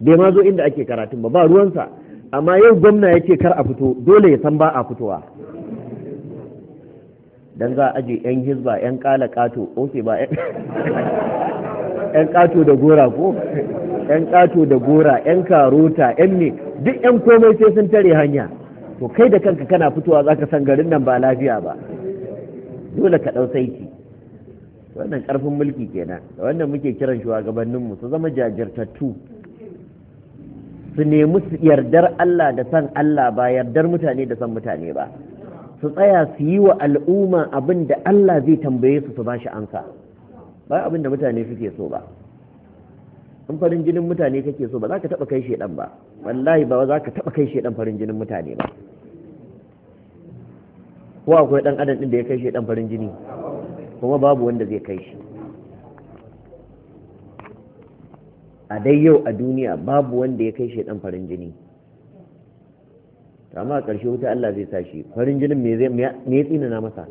bai ma zo inda ake karatun ba ba ruwansa amma yau gwamna ya ce kar a fito dole ya san ba a fitowa dan za a aje yan hizba yan kala kato ofe ba yan kato da gora ko yan kato da gora yan karota yan ne duk yan komai sai sun tare hanya to kai da kanka kana fitowa zaka san garin nan ba lafiya ba dole ka ɗau saiti wannan ƙarfin mulki kenan da wannan muke kiran mu su zama jajirtattu su nemi su yardar Allah da san Allah ba yardar mutane da san mutane ba su tsaya su yi wa al'umma abin da Allah zai tambaye su su ba shi ansa ba abin da mutane suke so ba in farin jinin mutane kake so ba za ka taɓa kai shedan ba wallahi ba za ka taɓa kai shedan farin jinin mutane ba ko akwai dan adam din da ya kai shedan farin jini kuma babu wanda zai kai shi a dai yau a duniya babu wanda ya kai shedan farin jini amma a ƙarshe wuta Allah zai sa shi farin jinin me ya na masa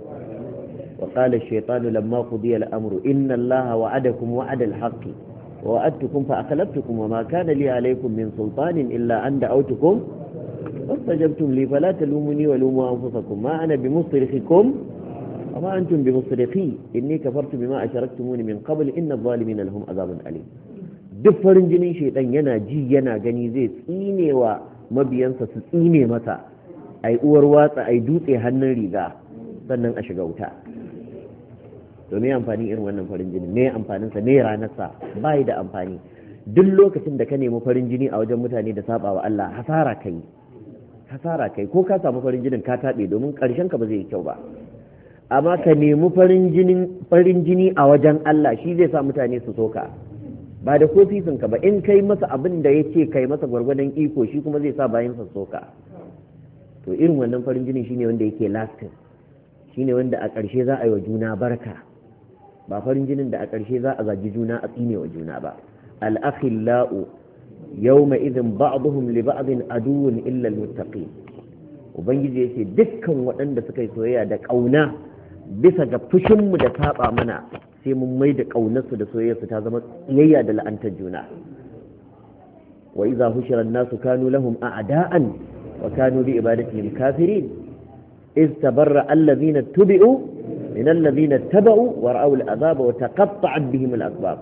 wa qala ash-shaytanu lamma qudiya al-amru inna Allaha wa'adakum wa'ada al wa’adtukun fa’akalaftukun wa maka da liya alaikun min sultanin illa an da autukun wasu jabtun lifala ta lumuni wa lumu an fusa kun ana bi musulfi kun a ma'antun bi musulfi in ne ka farci bi ma a sharaktu muni min kabul inna zalimin alhum azabun ali duk farin jinin shaidan yana ji yana gani zai tsine wa mabiyansa su tsine masa ai uwar watsa ai dutse hannun riga sannan a shiga wuta to me amfanin irin wannan farin jini me amfanin sa me ranar sa bai da amfani duk lokacin da ka nemi farin jini a wajen mutane da saba wa Allah hasara kai hasara kai ko ka samu farin jinin ka tabe domin karshen ka ba zai yi kyau ba amma ka nemi farin jinin farin jini a wajen Allah shi zai sa mutane su soka ba da kofisin ka ba in kai masa abin da ya kai masa gwargwadon iko shi kuma zai sa bayan sa soka to irin wannan farin jinin shine wanda yake lasting shine wanda a ƙarshe za a yi wa juna barka ba farin jinin da a ƙarshe za a zagi juna a tsine wa juna ba al La'u, yau mai izin li ba'din aduwwun illa al ubangiji ubangiji ce dukkan waɗanda suka yi soyayya da ƙauna bisa ga fushinmu da saba mana sai mun mai da ƙaunarsu da soyayyarsu ta zama tsiyayya da la'antar juna wa iza hushira nasu kanu lahum a'da'an wa kanu bi ibadatihim kafirin iz tabarra allazina tubi'u من الذين اتبعوا ورأوا العذاب وتقطعت بهم الأسباب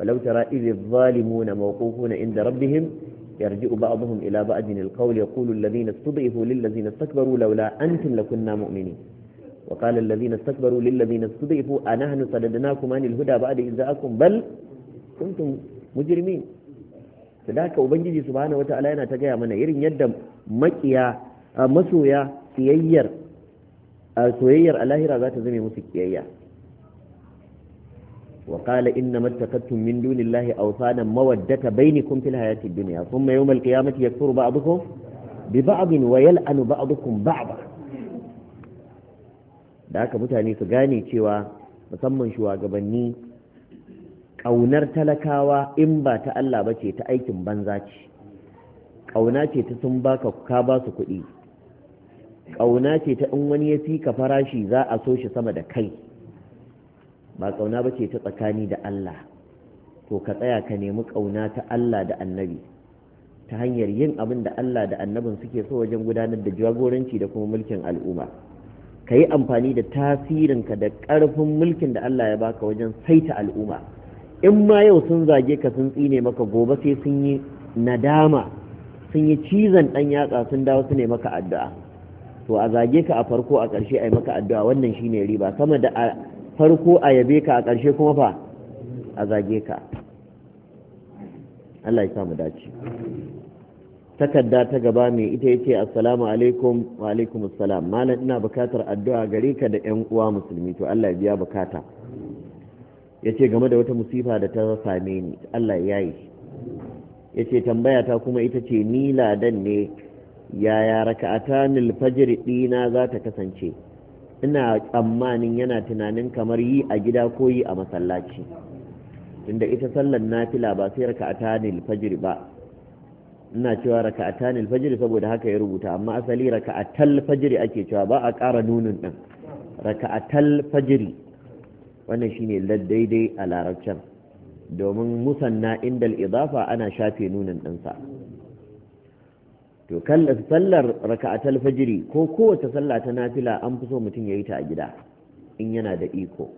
ولو ترى إذ الظالمون موقوفون عند ربهم يرجع بعضهم إلى بعض القول يقول الذين استضعفوا للذين استكبروا لولا أنتم لكنا مؤمنين وقال الذين استكبروا للذين استضعفوا أنحن صددناكم عن الهدى بعد إذ جاءكم بل كنتم مجرمين فذاك ubangiji subhanahu wataala yana ta gaya mana irin yadda makiya masoya siyayyar a soyayyar a lahira za ta zame musu kiyayya wa qala inna mattakattum min dunillahi awsana mawaddata bainakum fil hayatid dunya thumma yawm alqiyamati yakfuru ba'dukum bi ba'd wa yal'anu ba'dukum ba'da da haka mutane su gane cewa musamman shugabanni ƙaunar talakawa in ba ta Allah bace ta aikin banza ce ƙauna ce ta sun baka ka basu kuɗi ƙauna ce ta in wani ya fi ka farashi za a so shi sama da kai ba ƙauna ba ce ta tsakani da Allah to ka tsaya ka nemi ƙauna ta Allah da annabi ta hanyar yin abin da Allah da annabin suke so wajen gudanar da jagoranci da kuma mulkin al'umma ka yi amfani da tasirinka da ƙarfin mulkin da Allah ya baka wajen saita al'umma in ma yau sun zage ka sun tsine maka gobe sai sun yi nadama sun yi cizon ɗan yatsa sun dawo su ne maka addu'a to a zage ka a farko a ƙarshe a yi maka addu'a wannan shine riba sama da a farko a yabe ka a ƙarshe kuma fa a zage ka Allah ya samu dace takarda ta gaba mai ita yake assalamu alaikum wa alaikum assalam malam ina bukatar addu'a gare ka da ƴan uwa musulmi to Allah ya biya bukata yace game da wata musifa da ta same ni Allah ya yi yace tambaya ta kuma ita ce ni ladan ne yaya raka'atanil fajr dina za ta kasance ina tsammanin yana tunanin kamar yi a gida ko yi a masallaci inda ita sallar nafila ba sai raka'atanil fajr ba ina cewa raka'atanil fajr saboda haka ya rubuta amma asali raka'atal fajr ake cewa ba a ƙara nunin din raka'atal fajr wannan shine daidai a larabcin domin musanna indal idafa ana shafe nunin ɗinsa. to sallar raka'atul fajiri ko kowace sallah ta nafila an fi so mutum yayi ta a gida in yana da iko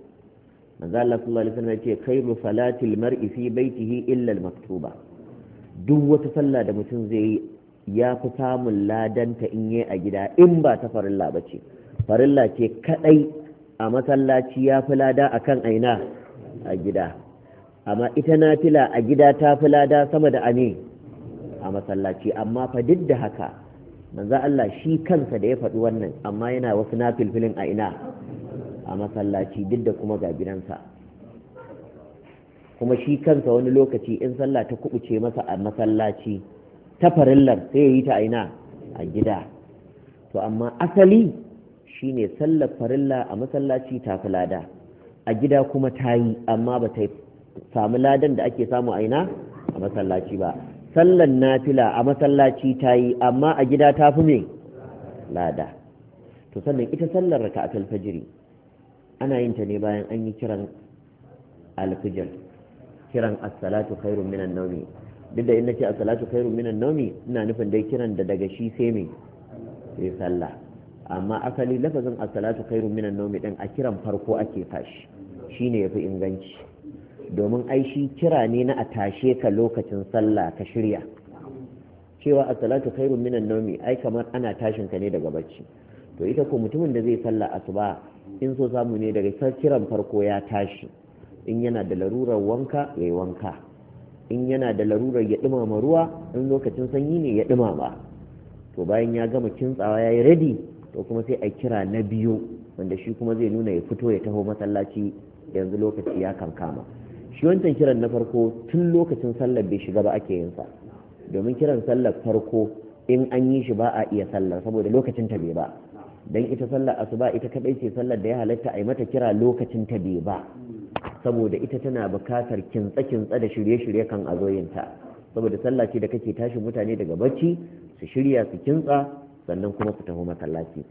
manzo Allah sallallahu alaihi wasallam yace khairu salatil mar'i fi baitihi illa al-maktuba duk wata sallah da mutum zai yi ya fi samun ladanta in yayi a gida in ba ta farilla ba ce farilla ce kadai a masallaci ya fi lada akan aina a gida amma ita nafila a gida ta fi lada sama da ane a masallaci amma fa duk da haka manzo Allah shi kansa da ya faɗi wannan amma yana wasu nafilfilin a ina a masallaci duk da kuma ga gidansa kuma shi kansa wani lokaci in sallah ta kubuce masa a masallaci ta farillar sai ya yi ta aina a gida to amma asali shine sallar farilla a masallaci ta fi lada a gida kuma tayi, amma ba ta samu ladan da ake samu a ina a masallaci ba sallan nafila a masallaci ta yi amma a gida ta fi me lada to sannan ita sallar raka'atul fajiri ana yin ta ne bayan an yi kiran alfijir kiran as-salatu khairun minan nawmi duk da inda ce as-salatu khairun minan nawmi ina nufin dai kiran da daga shi sai me sai sallah amma asali lafazin as-salatu khairun minan nawmi din a kiran farko ake fashi shine yafi inganci domin ai shi kira ne na a tashe ka lokacin sallah ka shirya cewa a salatu khairun minan nomi ai kamar ana tashin ka ne daga bacci to ita ko mutumin da zai sallah asuba in so samu ne daga kiran farko ya tashi in yana da larurar wanka ya yi wanka in yana da larurar ya dumama ruwa in lokacin sanyi ne ya dumama to bayan ya gama kintsawa ya yi ready to kuma sai a kira na biyu wanda shi kuma zai nuna ya fito ya taho masallaci yanzu lokaci ya kankama shi wancan kiran na farko tun lokacin sallar bai shiga ba ake yinsa, domin kiran sallar farko in an yi shi ba a iya sallar saboda lokacin ta bai ba dan ita sallar asuba ita kadai ce sallar da ya halatta a yi mata kira lokacin ta bai ba saboda ita tana bukatar kintsa kintsa da shirye-shirye kan azoyinta saboda sallah ce da kake tashi mutane daga bacci su shirya su kintsa sannan kuma su taho masallaci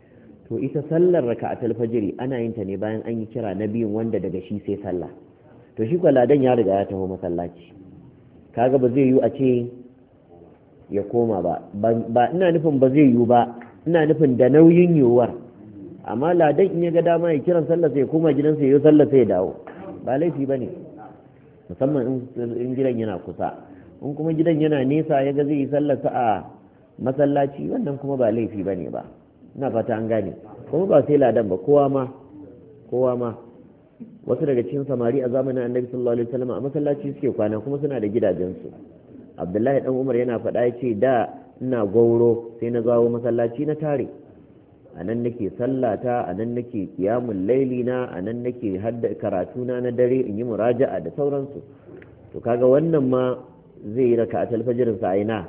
to ita sallar raka'atul fajiri ana yin ta ne bayan an yi kira na biyun wanda daga shi sai sallah to shi ladan ya riga ya taho masallaci kaga ba zai yi a ce ya koma ba ba ina nufin ba zai yi ba ina nufin da nauyin yiwuwar amma ladan in ya ga dama ya kiran sallah sai ya koma gidansa ya yi sallah sai ya dawo ba laifi ba ne musamman in gidan yana kusa in kuma gidan yana nesa ya ga zai yi sallah a masallaci wannan kuma ba laifi ba ne ba ina fata an gane kuma ba sai ladan ba kowa ma kowa ma wasu daga cikin samari a zamanin annabi sallallahu alaihi wasallam a masallaci suke kwana kuma suna da gidajensu abdullahi dan umar yana faɗa ya ce da ina gauro sai na zawo masallaci na tare anan nake sallata a nan nake kiyamun laili na anan nake hadda karatu na na dare in yi muraja'a da sauransu to kaga wannan ma zai yi raka a sa aina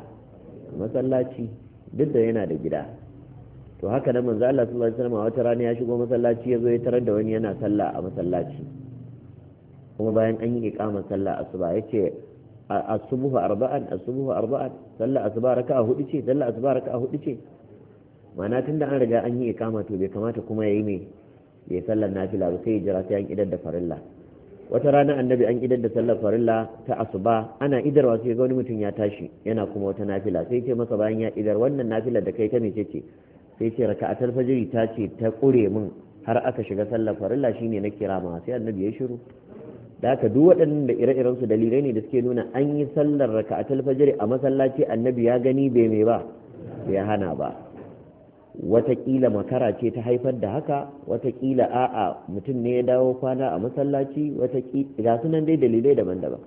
masallaci duk da yana da gida to haka nan manzo Allah sallallahu alaihi wasallam wata rana ya shigo masallaci ya zo ya tarar da wani yana sallah a masallaci kuma bayan an yi iqamar sallah asuba yace asubuhu arba'an asubuhu arba'an sallah asuba raka'a hudu ce sallah asuba raka'a hudu ce ma'ana tunda an riga an yi iqama to bai kamata kuma yayi me ya sallar nafila ba sai ya jira sai an idar da farilla wata rana annabi an idar da sallar farilla ta asuba ana idarwa sai ga wani mutum ya tashi yana kuma wata nafila sai ce masa bayan ya idar wannan nafilar da kai ta mece ce sai ce raka'atul ta ce ta kure min har aka shiga sallar farilla shine na kira ma sai annabi ya shiru da haka duk waɗannan da ire-iren su dalilai ne da suke nuna an yi sallar raka'atul fajiri a masallaci annabi ya gani bai mai ba bai hana ba watakila makara ce ta haifar da haka watakila a'a mutum ne ya dawo kwana a masallaci watakila ga sunan dai dalilai daban-daban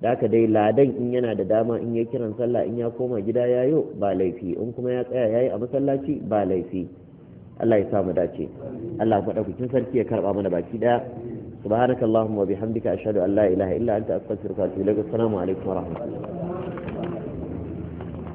da aka dai ladan in yana da dama in ya kiran sallah in ya koma gida ya yi ba laifi in kuma ya tsaya ya yi a masallaci ba laifi Allah ya sa mu dace Allah maɗaukakin sarki ya karɓa mana baki ɗaya subhanakallahumma wa bihamdika ashhadu an la ilaha illa anta astaghfiruka wa atubu ilaik assalamu alaikum wa rahmatullahi